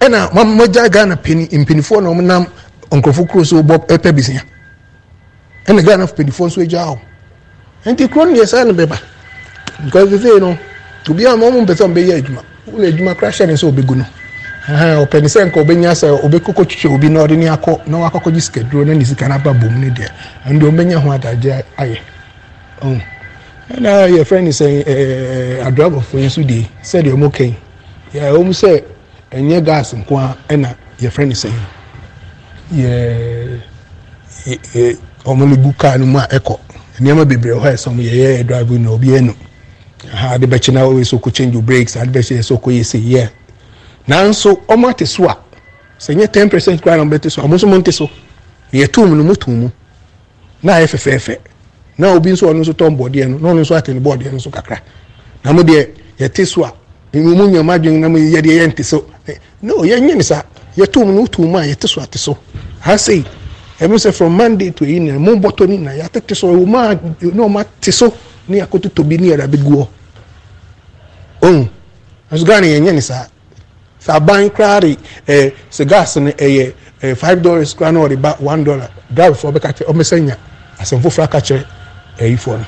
ɛna wɔn mogya ghana peni mpenifoɔ na wɔn nam nkurɔfoɔ kuro so bɔ ɛpɛ bisia ɛna ghana mpenifoɔ nso agya hɔ nti kuro no yɛ saa no bɛba because they say no obiara ma wɔn mpɛ sɛ wɔn bɛyɛ adwuma ụlọ edwuma kra hyɛ ne no nka ɔbɛnya sɛ ɔbɛkɔkɔ twitwa obi na ɔde ne na wakɔkɔ gye sika na ne sika no bom no deɛ ɛno deɛ ho adagye ayɛ ɛna ne sɛ yi nso ɔmo kɛn sɛ gas nko ɛna ne sɛ yɛ ɔmo bu kaa a ɛkɔ nneɛma bebree hɔ a ɔmo na obi ade bɛkyi na wɔyɛ so ko change your breaks ade bɛkyi so ko yɛ se yɛ nanso ɔmo ate so a sɛ nye ten percent koraa na ɔmo bɛte so ɔmo nso mo nte so yɛ tum no mo tum mu na ayɛ fɛfɛɛfɛ na obi nso ɔno nso tɔn bɔdeɛ no na ɔno nso ate ne bɔdeɛ no nso kakra na mo deɛ yɛte so a mu nyɛ ma dwen na mo yɛ deɛ yɛnte so no yɛ nye ne sa yɛ tum no tum mu a yɛte so ate so ha sei sɛ from monday to eyi na mo bɔtɔ ni na yɛate te so ɔmo a na ɔmo ate so ne akototo bi ne yɛrɛ abɛguɔ ohun siga no yɛnyɛ ne ni sa aban koraa de ɛɛ sigaas no ɛyɛ ɛɛ five dollars koraa na ɔde ba one dollar drivefoɔ bɛka kyerɛ ɔmo sɛ nya asɛm foforɔ aka kyerɛ ɛyifoɔ no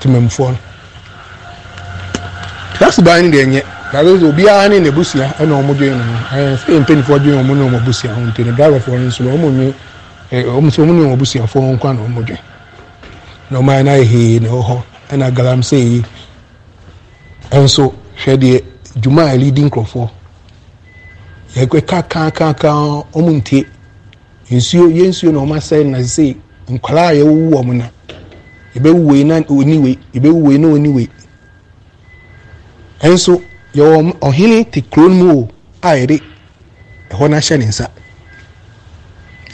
temamufoɔ no taxi ban no deɛ nyɛ kaso sɛ obiara ne n'abusua ɛna wɔn dwen no ɛɛ sɛ mpanyinfoɔ dwen wɔn ne wɔn abusua ho nti ne drivefoɔ no nso na wɔn nye ɛɛ wɔn nso wɔn ne wɔn abusuafoɔ nko na wɔn dwen na wɔn ayɛ na ɛhee na ɛwɔ hɔ ɛna galamsey yi nso hwɛ deɛ dwuma a ɛlidi nkurɔfoɔ yɛkɔ ka kan kan kan wɔn ntie nsuo yɛ nsuo na wɔn asɛn na sɛ nkwaraa a yɛwɔwɔ wɔn na yɛbɛwu wei na oni wei yɛbɛwu wei na oni wei nso yɛwɔ ɔhene te kuro no mu o a yɛde ɛhɔ no ahyɛ ne nsa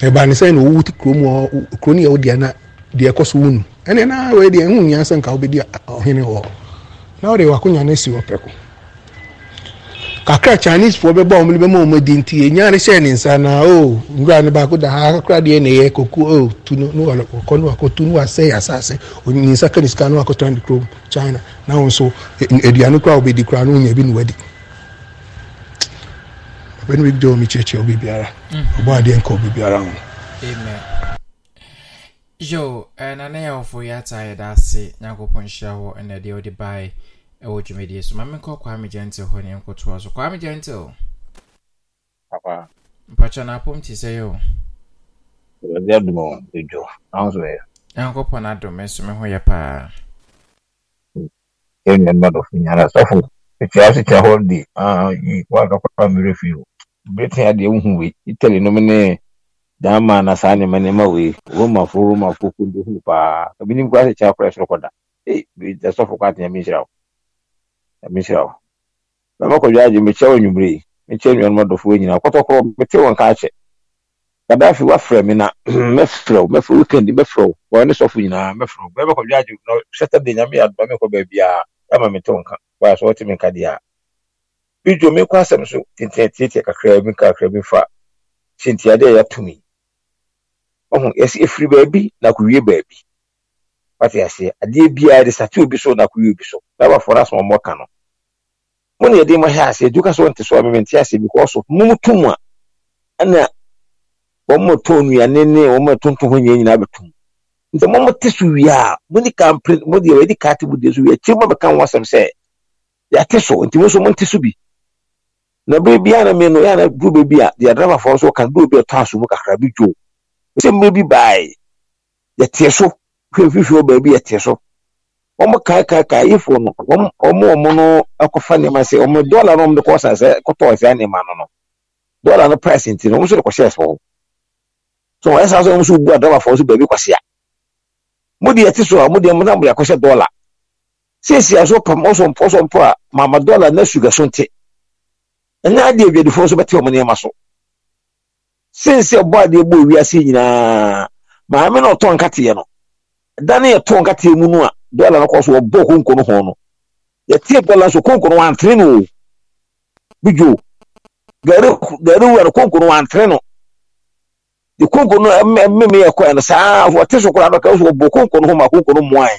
ɛbaa ne sɛn na owu te kuro mu hɔ kuro no yɛ wo deɛ deɛ ɛkɔ so wu ɛne na wei deɛ ɛho nyia sɛ nka wobɛdi ɔhene wɔ na wode wakonya no asi wɔ pɛko kakra chinese foɔ bɛbɔ ɔmo bɛma ɔmo di nti enya ne hyɛ ne nsa na o oh, nwura ne baako da ha kakra deɛ na ɛyɛ koko o oh, tu no no wale kɔkɔ no wakɔ tu no wasɛ asase ne nsa ka ne sika no wakɔ tɔn de kurom china na wɔn nso e, aduane kora ɔbɛdi kora no nya bi na wadi ɔbɛn bi bi de ɔmo kyerɛkyerɛ ɔbi biara mm. ɔbɔ adeɛ nka ɔbi biara ho yo ɛna eh, ne yɛwɔfo yi ata yɛda ase nyankopɔn hyira hɔ ɛna deɛ e wode bae ɛwɔ dwumadie so ma menkɔ kwame gentle hɔ ne yɛnkɔtoa so kwame gentle papa mpatwa no apom te sɛ yɛ awurade adom ɛdwo e ahoso ɛ e. nyankopɔn adom nso me ho yɛ paa ɛnyɛ mmadɔfo nyara sɔfo ɛkyia so kyia hɔ de yi woakakɔa mmerɛ fii o berɛtea deɛ wohu wei itali nom ne dama na saa nneɛma nneɛma wei romafo romafo kondo hu paa ebi nim koraa sɛ kyɛ akora soro kɔda ee ɛsɔfo kɔ atena mi nhyira wo mi nhyira wo bɛma kɔdwa agye mekyia wɔ nwumire yi mekyia nnuanom adɔfoɔ nyinaa kɔtɔkorɔ mete wɔn ka akyɛ kadafi wafrɛ me na mɛfrɛ wo mɛfrɛ weekend mɛfrɛ wo wɔn ne sɔfo nyinaa mɛfrɛ wo bɛma kɔdwa agye na saturday nyame yɛ adoma mekɔ baabiaa ama mete wo nka wɔa sɛ wɔte me nka deɛ a bidwo mekɔ asɛm so tentenatiatia kakraa bi kakraa bi fa hyɛntiadeɛ yɛatumi ɔho yɛsi efiri baabi na akɔwie baabi wate aseɛ adeɛ biara de sate obi so na akɔwie obi so baba fɔra asɔn ɔmɔ ka no mo na yɛde mo hɛ aseɛ duka so nte so ameme nte aseɛ because of mo to mu a ɛna wɔn mo tɔn nnuane ne wɔn mo tontɔn ho nyɛ nyinaa bɛtum nti mo mo te so wie a mo de ka mpere mo deɛ wɔde ka ate mo deɛ so wie akyire mo bɛka ho asɛm sɛ yɛate so nti mo nso mo nte so bi na bere bi a na me no yɛ a na duro baabi a deɛ adarabafoɔ nso ka duro bi a ɔtɔ aso kakra bi dwo sɛ mmerɛ bi bae yɛteɛ so hwɛ mfihwɛ wɔ baabi yɛteɛ so wɔn kaekaekae yifoɔ no wɔn wɔn no kɔfa nneɛma sɛ wɔn dɔla no wɔn de kɔsa sɛ kɔtɔ sɛ nneɛma no no dɔla no price nti no wɔn nso de kɔhyɛ so hɔ so wɔn ɛsan so wɔn nso bu adamafoɔ nso baabi kɔsia mo deɛ ɛte so a mo deɛ mo na mo deɛ kɔhyɛ dɔla siesie aso pam ɔsɔ mpo ɔsɔ mpo a maama dɔla na suga so nte ɛnna adeɛ adwadifoɔ nso bɛte wɔn nneɛma so sinsi ɔbɔ adeɛ bɔ wiase nyinaa maame na ɔtɔ nkateɛ no dan yɛ tɔ nkateɛ mu no a dɔla no kɔ so ɔbɔ konko no ho no yɛte dɔla so konko no wantere no bijo gari gari wura no konko no wantere no de konko no mmemme yɛ kɔɛ no saa ɔte so koraa no kɛ so ɔbɔ konko no ho ma konko no mmoae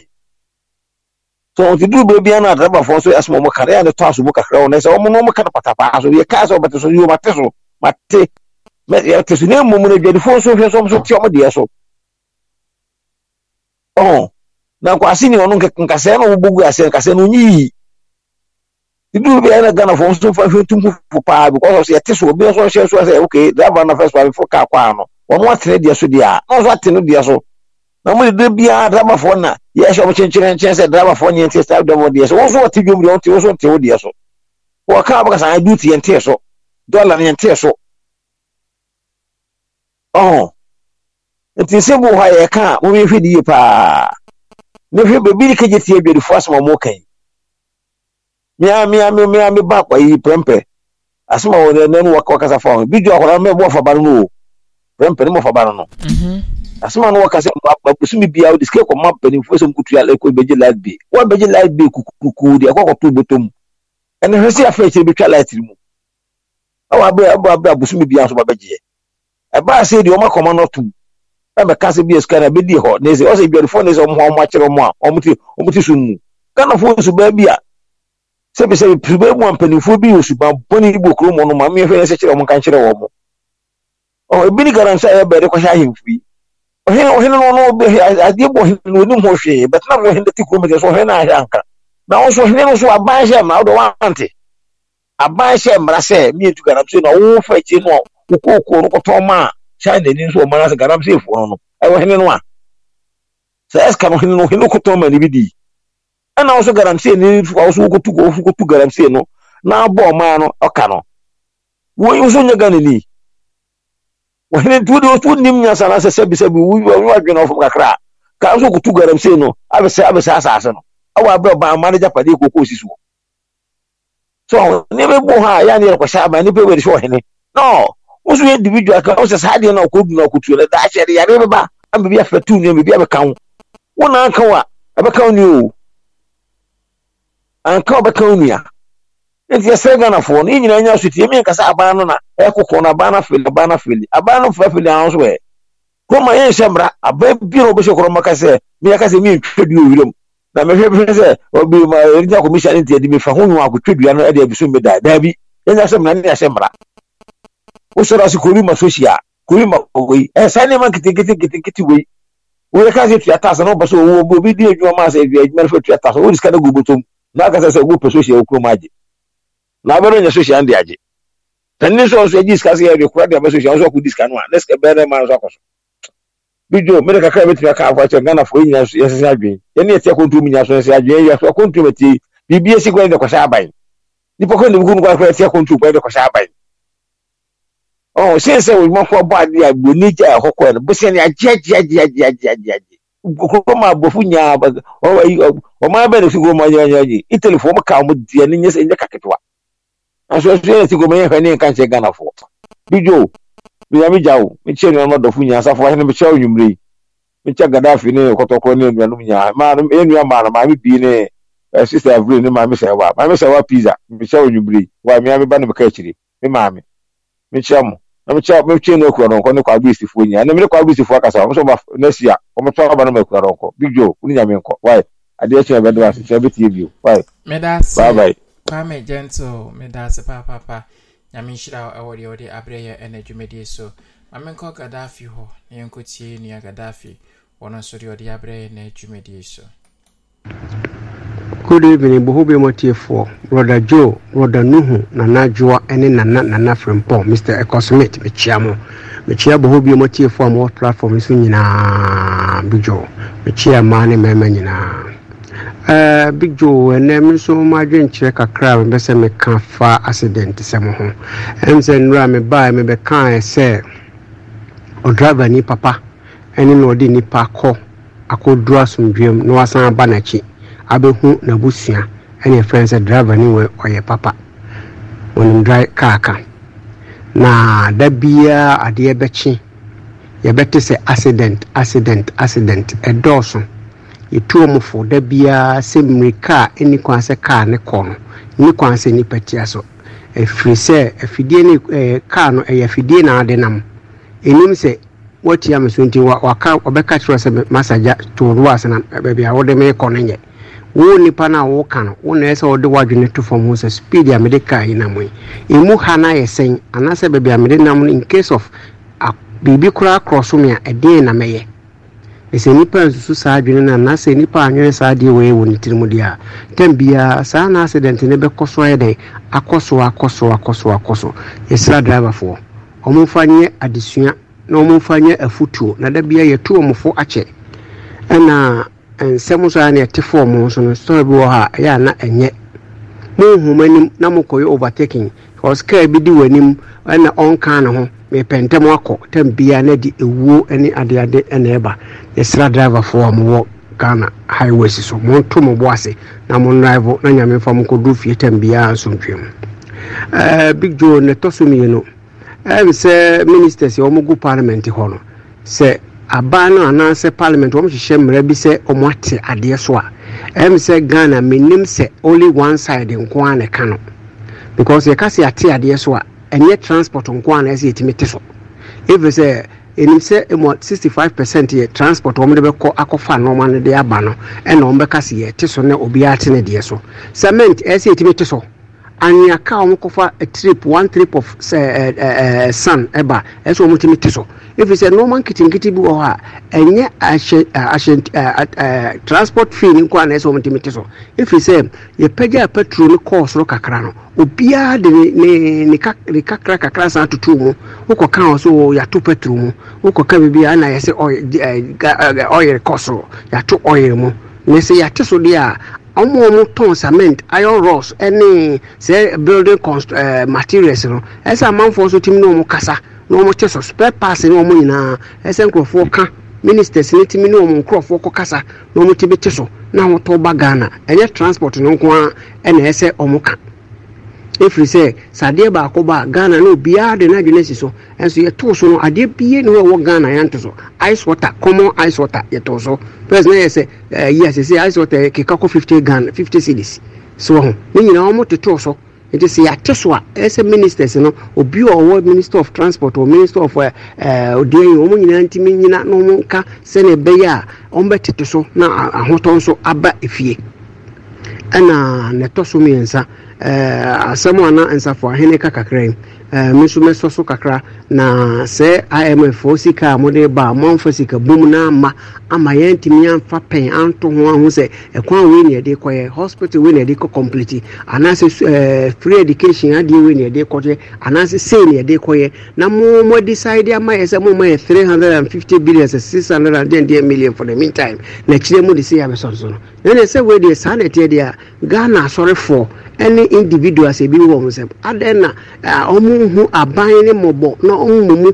so nti duru bere bia na adrabafoɔ nso asoma ɔmo kare a ne tɔ aso mu kakra wɔn na sɛ ɔmo na ɔmo ka no patapaa so yɛ kaa sɛ ɔbɛte so yɛ ɔmo ate so ɔmo ate ɛte so na mmom no adwadifoɔ nso hwɛ so nso te ɔmo deɛ so ɔho na nkwase ni ɔno nkasɛɛ no wobɔgu asɛ nkasɛɛ no onyiyi duru bi ɛna ghanafoɔ nso fa hwɛ tum fo paa because ɔsɛ yɛte so obi nso ɔhyɛ so sɛ okay driver na first wife fo kaa kɔ ano ɔmo atene dia, so deɛ a na ɔso atene deɛ so na ɔmo dede biara driverfoɔ na yɛhyɛ ɔmo kyɛnkyɛn nkyɛn sɛ driverfoɔ nyɛ nti saa dɔm deɛ so wɔn nso wɔte dwom deɛ wɔn nso nte wo deɛ so wɔka abakasa duty yɛn te so dollar yɛn te so ɔho oh. nti sɛ mu hɔ a yɛka a momehwɛ ne yie paa mehwɛ baabi ne kagye tie adwadifoɔ asɛm a moka yi mea mea me mea me ba akwa yi prɛmpɛ asɛm a wɔnɛnɛm wakasa fa ho bi dwa hɔra mɛ mɔfa ba no no o prɛmpɛ ne mɔfa ba no no mhm. asɛm a no wɔka sɛ bosome bia wode sika kɔma mpanimfoɔ sɛ mkutua ɛkɔ bɛgye light bi wabɛgye light bi kukuku deɛ ɛkɔkɔto bɔtɔ mu ɛne hwɛ sɛ afa akyire bɛtwa light no mu awɔ abrɛ abrɛ bosome bia nso babɛgyeɛ ɛbaa sɛ deɛ ɔma kɔma no tom na mɛka sɛ bia sika no bɛdi hɔ na ɛsɛ ɔsɛ dwarefoɔ no sɛ ɔmo hɔ ɔmo akyerɛ ɔmo a ɔmo te ɔmo te so mu ghanafoɔ subaa bi a sɛbi sɛ subaa mu a mpanimfoɔ bi yɛ subaa bɔne bi wɔ kurom no ma mehwɛ yɛ sɛ kyerɛ ɔmo nka nkyerɛ wɔn ɔhɔ ebi ni galamsey a ɛyɛ bɛrɛ kɔhyɛ ahemfo yi ɔhene ɔhene no ɔno adeɛ bɔ ɔhene no onim ho hwee bɛtena mo ɔhene ti kurom kɛ so ɔhene no ahyɛ anka na ɔnso ɔhene no so aban hyɛ mmara ɔdɔ wante aban hyɛ mmara sɛ mietu galamsey na ɔwɔ fɛ akyire no a kokoko no kɔtɔn ma a china ni nso ɔman ase ghana sɛ efu no no ɛwɔ hene no a sɛ ɛsika no hene no hene kɔtɔn ma ne bi di ɛna ɔso galamsey ni ɔso kotu ɔso galamsey no n'abɔ ɔman no ɔka no wɔn nso nyɛ ghana ni wɔhene tu de otu nim nyasa na sɛ sɛbi sɛbi wuyi wɔn adwene ɔfam kakra kaa nso kotu galamsey no abɛsɛ abɛsɛ asaase no ɛwɔ abɛ ɔban ama ne japa de koko so so nneɛma ebu hɔ a yɛn ani yɛrɛ kɔhyɛ ama nso yɛ individual kan ɔsɛ saa deɛ na ɔkɔ du na ɔkɔ tuo na daa hyɛ de yare bɛba a bi afɛ tu abɛka ho anka a ɛbɛka ho nua o anka ɔbɛka ho nua nti ɛsɛ no nyinaa nyɛ mi nkasa aban na ɛyɛ kɔkɔɔ na aban na fili aban na fili aban no fila fili ahosuo yɛ yɛn nhyɛ aban bi na ɔbɛhyɛ kuroma kasɛ mi akasɛ mi ntwa dua owuram na mehwɛ mehwɛ sɛ ɔbi ma ɛdi akɔmi hyɛ ne ntɛ di mi fa ho nwa akotwa dua da yɛn wosɔre ase ma so hyia korima wei ɛ saa nneɛma nketenketenketenkete wei woyɛ ka sɛ tua taasa na wopɛ sɛ ɔwɔ bi obi di adwuma ma sɛ adwuma adwuma no fɛ tua taasa wode sika no gu botom na aka sɛ sɛ wopɛ so hyia wo kurom agye labɛrɛ nya so hyia no de agye tani nso nso agye sika sɛ yɛde kora de abɛ so hyia nso akɔdi sika no a na sika bɛrɛ ma nso akɔ so bidio mede kakra bɛtumi aka akɔ akyɛ ghanafoɔ nyina so yɛsese adwene yɛne yɛte akɔntu mu nya so yɛsese adwene yɛ so akɔntu mu atie biribi asi kwan de kɔhyɛ aban nipa kwan de mu kunu kwan kwan yɛte akɔntu kwan de kɔhyɛ aban ɔn sɛn sɛ wɔn kɔ bɔ adi a gboni gya ɛhɔ kɔ no bosia ni agye agye agye agye agye agye agye kuro ma abɔfo nyaa ɔwɔ yi ɔmo abɛn na fi ma ɔnyɛ ɔnyɛ italy fo ɔmo ka ɔmo diɛ ne nye sɛ kaketewa nso ɛso yɛ na fi ma yɛ hwɛ ne nka nkyɛn ghana fo bijo miyami gya o mekyɛ nua no dɔfo nyaa asafo ahene mekyɛ ɔnwumire yi mekyɛ gaddafi ne kɔtɔkɔ ne nua nyaa maa no enua maa no maame ne ɛ sista avire ne maame sɛwa maame sɛwa pizza mekyɛ ɔnwumire yi wa miyami ba ne meka akyire ne maame mekyɛ mo na mekyɛ metwe no akura nɔnkɔ ne kwa agresifoɔ nyinaa na mene kwa agresifoɔ akasa ɔmo sɛ nasi a ɔmotɔ aba no ma akura nɔnkɔ big joe wone nyame nkɔ wae adeɛ kyɛ bɛde ase kyɛ bɛtie bio wae babae kwame gentle medase paapapa nyame nhyira ɛwɔ deɛ wode aberɛ yɛ ɛna adwumadie so ma menkɔ gadafi hɔ na yɛnkɔtie nua gadafi wɔno nso deɛ ɔde aberɛ yɛ na adwumadie so good evening bohobe mɔtiefoɔ broda joe broda nuhu nana joa ne nana nana frimpɔ mr ecosmith mekyia mo mekyia bohobe mɔtiefoɔ a mɔwɔ platform so nyinaa big joe mekyia mmaa ne mmarima nyinaa uh, big joe ɛnɛ me nso madwenkyerɛ kakra a mepɛ sɛ meka fa accident sɛm ho ɛm sɛ nnura mebaɛ mebɛkaɛ sɛ driver ni papa ɛne na ɔde nipa kɔ akɔduru asomdwam na wasan aba n'akyi abɛhu n'abusua ɛne ɛfrɛ sɛ driver ne wɔ ɔyɛ papa wɔnim dri kaaka na da biara adeɛ bɛkye yɛbɛte sɛ accident accident accident ɛdɔɔso yɛtuo mu fo da biara sɛ mmirika a ɛni kwan sɛ kaa ne kɔ no ni kwan sɛ nipa tia so ɛfiri sɛ afidie ne ɛɛ kaa no ɛyɛ afidie na ade nam enim sɛ wɔtia me so nti wa waka ɔbɛka kyerɛ sɛ masagya tooroa sɛ na baabi a wode me kɔ no nyɛ wo nipa no a woka no wo na ɛsɛ wɔde w'adwene to fam sɛ speed a mede kaa yi nam yi ɛmu ha no ayɛ sɛn anaasɛ baabi a mede nam no in case of biribi koraa korɔ so me a ɛdeɛn na mɛyɛ ɛsɛ nipa nsusu saa adwene no anaasɛ nipa anwene saa adeɛ wɔyɛ wɔ ne tiri mu deɛ a tam biara saa na accident no bɛkɔ so ayɛ dɛn akɔ so akɔ so akɔ yɛsra driverfoɔ ɔmomfa nyɛ adesua na ɔmomfa nyɛ afutuo na da biara yɛtu ɔmofo akyɛ ɛna Eh, nsɛm so a na ɛte fɔm ho so no story bi wɔ hɔ a ɛyɛ a na ɛnyɛ monhum anim na mokɔyɛ overtaking ɔs bi di w'anim ɛna ɔnka ne ho mepɛ ntɛm akɔ tam biara na de ewuo ne adeade na ɛba yɛsra driverfoɔ a mowɔ ghana highways so monto mo bo ase na mo drive na nyame fa mo kɔduru fie tam biara nsontwam uh, eh, big joe ne tɔ so mmienu ɛm sɛ ministers a wɔmogu parliament hɔ no sɛ aban no anaasɛ parliament wɔn hyehyɛ mmerɛ bi sɛ wɔn ate adeɛ so a ɛm sɛ ghana menim sɛ only one side nko ara na ɛka no because yɛka sɛ ate adeɛ so a ɛnyɛ transport nko ara na ɛsɛ yɛtumi te so ebi sɛ enim sɛ emu sixty five percent yɛ transport wɔn de bɛkɔ akɔfa nneɛma no de aba no ɛna wɔn bɛka sɛ yɛte so na obiara te ne deɛ so cement ɛsɛ yɛtumi te so anwea kaa wɔn kɔfa a trip one trip of sɛ ɛɛ ɛɛ sun ɛba ɛsɛ wɔn tumi te so ɛfiri sɛ nneɛma nketenkete bi wɔ hɔ a ɛnyɛ ahyɛ ahyɛ transport fee ne nko na ɛsɛ wɔn ntumi te so ɛfiri sɛ yɛpɛgya petro no kɔɔ soro kakra no obiara de ne ne kakra kakra san tutu mu wokɔ ka wɔ so yɛato petro mu wokɔ ka biribi na yɛsɛ ɔyɛ ɔyɛ kɔ soro yɛato ɔyɛ mu na sɛ yɛate so deɛ a ɔmo ɔmo tɔn cement iron rods ɛne sɛ building eh, materials no ɛsɛ amanfoɔ so timi na ɔmo kasa na wɔn kyɛ sɛ spare parts ne wɔn nyinaa ɛsɛ nkurɔfoɔ ka ministers ne timi ne wɔn nkurɔfoɔ kasa, na wɔn ti bi te so na wɔn tɔ ba ghana ɛnyɛ transport no nko ara ɛna ɛsɛ wɔn ka efiri sɛ sadeɛ baako ba ghana na obiara de n'adwene si so nso yɛtoo so no adeɛ bie ne wɔwɔ ghana yɛnto so ice water common ice water yɛtoo so pɛs na yɛ sɛ ɛyi asese ice water keka kɔ fifty ghana fifty cedis so wɔn ne nyinaa wɔn totoo so nti sɛ yɛate so a ɛyɛ sɛ ministers no obi a ɔwɔ minister of transport or minister of deɛ yi wɔn nyinaa ntumi nyina na wɔn nka sɛnea ɛbɛyɛ a wɔn bɛtete so na ahotɔ nso aba efie ɛna na ɛtɔ so mmiɛnsa ɛɛ asɛm a na nsafo ahene ka kakra yi. Eh, me nso so kakra na sɛ imf sika a mode ba moamfa sika bom no ama ama yɛntumi amfa pɛn anto ho aho sɛ ɛkwan wei ne yɛde kɔyɛ hospital wei ne yɛde kɔ complete anaasɛ eh, free education adeɛ wei ne yɛde kɔyɛ anaasɛ sei ne yɛde kɔyɛ na mo mo decide ama yɛ sɛ mo ma yɛ fifty billion sɛ ten million for the meantime na akyirɛ mu de sɛ yɛ abɛsɔnsɔ no ɛnɛ sɛ wei deɛ saa na deɛ ghana asɔrefoɔ ne individuals ebi wɔ wɔn nsam adan na wɔnhu aban ne mmɔbɔ na wɔn mu mu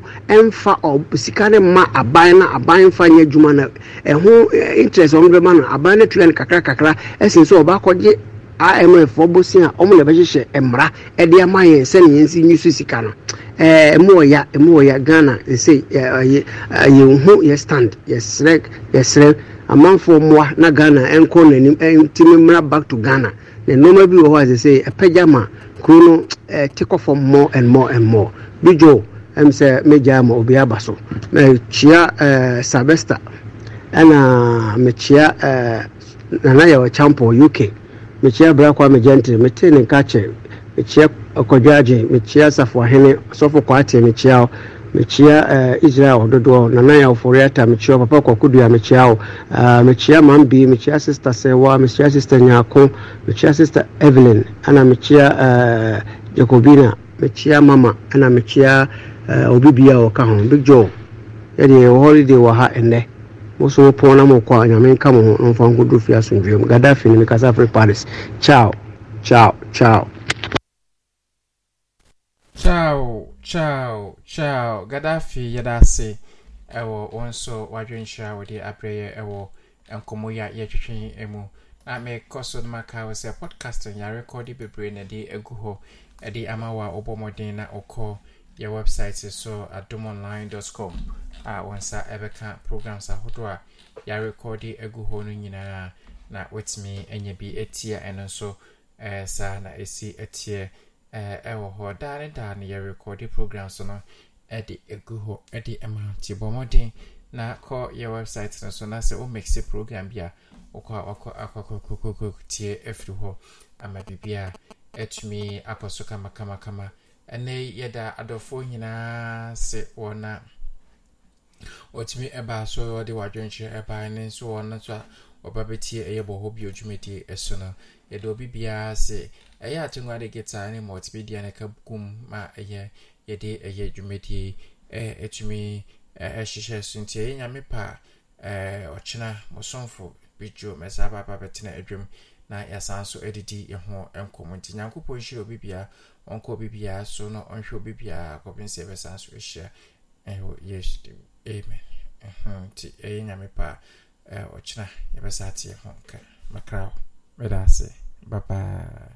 mfa sika ne mma aban na aban mfa nyɛ adwuma na ɛho interest wɔn bɛma no aban ne tura no kakra kakra ɛsen sɛ ɔbaakɔ gye amf bosi a wɔn na bɛhyehyɛ mmara de ama yɛn sɛnea yɛn si nyusu sika no ɛmu wɔ ya ɛmu wɔ ya ghana nse ɛyɛ yɛn ho yɛ stand yɛsrɛ yɛsrɛ amanfoɔ mmoa na ghana nkɔ n'anim ntumi mmra back to ghana. na nneɛma bi wɔ hɔ ase sɛ sɛ ɛpɛgya ma kuro no ɛte kɔ fam more and more and more bi dwo ɛm sɛ megyaa ma obi aba so mekyia ɛɛ eh, sabesta ɛna mekyia ɛɛ eh, nana yɛ wɔ uk mekyia brakɔ a megyante mete ne nka kyɛ mekyia akɔdwaagye mekyia eh, safoahene sɔfo kwate mekyia mechia uh, eh, israel dodoɔ nana yɛ ɔfɔre ata mekyia papa kɔko dua mekyia o uh, eh, mekyia mambi mekyia sister sewa mekyia sister nyaako mekyia sister evelyn ana mekyia uh, eh, jacobina mekyia mama ana mekyia uh, obibia bia a ɔka ho big joe yɛdeɛ yaani, yɛwɔ holiday wɔ ha ɛnnɛ moso mopɔn na mokɔ a nyame nka mo ho na mfa nkoduru fie asomdwuam gadafi ne mekasa afre paris chao chao chao ciao ciao ciao gaddafi yɛda ase ɛwɔ wɔn nso wadwenhyia wɔde abrɛ yɛ ɛwɔ nkɔmmɔ yi a yɛtwetwe mu na mekɔ so no maka wɔ sɛ podcast no yɛarekɔde bebree na ɛde agu hɔ ɛde ama wɔ a wobɔ mmɔden na ɔkɔ yɛ website so adom online com a wɔn nsa ɛbɛka programs ahodoɔ a yɛarekɔde agu hɔ no nyinaa na wɔtumi anya bi atia ɛno nso ɛɛ saa na ɛsi atiɛ ɛwɔ eh, eh, hɔ daa ne daa rekɔdi yɛrekɔde program so no ɛde egu hɔ ɛde ɛma nti bɔ na kɔ yɛ wɛbsaet no so na sɛ womixe program bi a wokɔ a wakɔ akɔkɔkɔkɔtie afiri hɔ ama biribi a atumi akɔ so kamakamakama ɛnɛ yɛda adɔfo nyinaa se wɔ na wɔtumi ɛbaa so wɔde wadwenkyerɛ ɛbaa ne nso wɔ no nso a wɔba bɛtie ɛyɛ bɔ hɔ bi dwumadie ɛso no yɛde obi biara se ɛyɛ atengua de geta ne multimedia ne kakum ma ɛyɛ yɛde ɛyɛ dwumadie ɛtumi ɛhyehyɛ so nti ɛyɛ nyame pa ɔkyena mosomfo bidwo mɛsa baaba bɛtena adwam na yɛsan so adidi yɛ ho nkɔmmɔ nti nyankopɔn nhyira obi bia ɔnkɔ obi bia so na ɔnhwɛ obi bia kɔpem sɛ yɛbɛsan so ahyia ɛwɔ yesu dim amen nti ɛyɛ nyame pa ɔkyena yɛbɛsa te yɛ ho nka makraw bye bye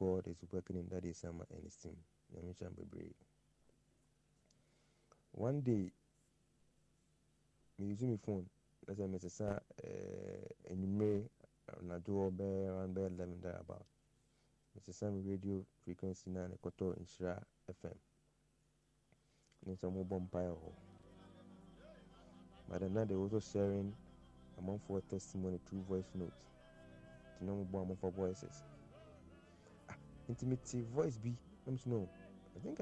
God is working in that is Sama and his team. One day, me use my phone, as I message her, eh, In may not do all bear around bear eleven there about. Mr. Sam radio frequency na ne kɔtɔ nhyira fm ne some mo bɔ mpaeɛ hɔ madam they also sharing among amongfoɔ testimony through voice notes nti na mo bɔ amongfoɔ voices intimate voice be. Let me know.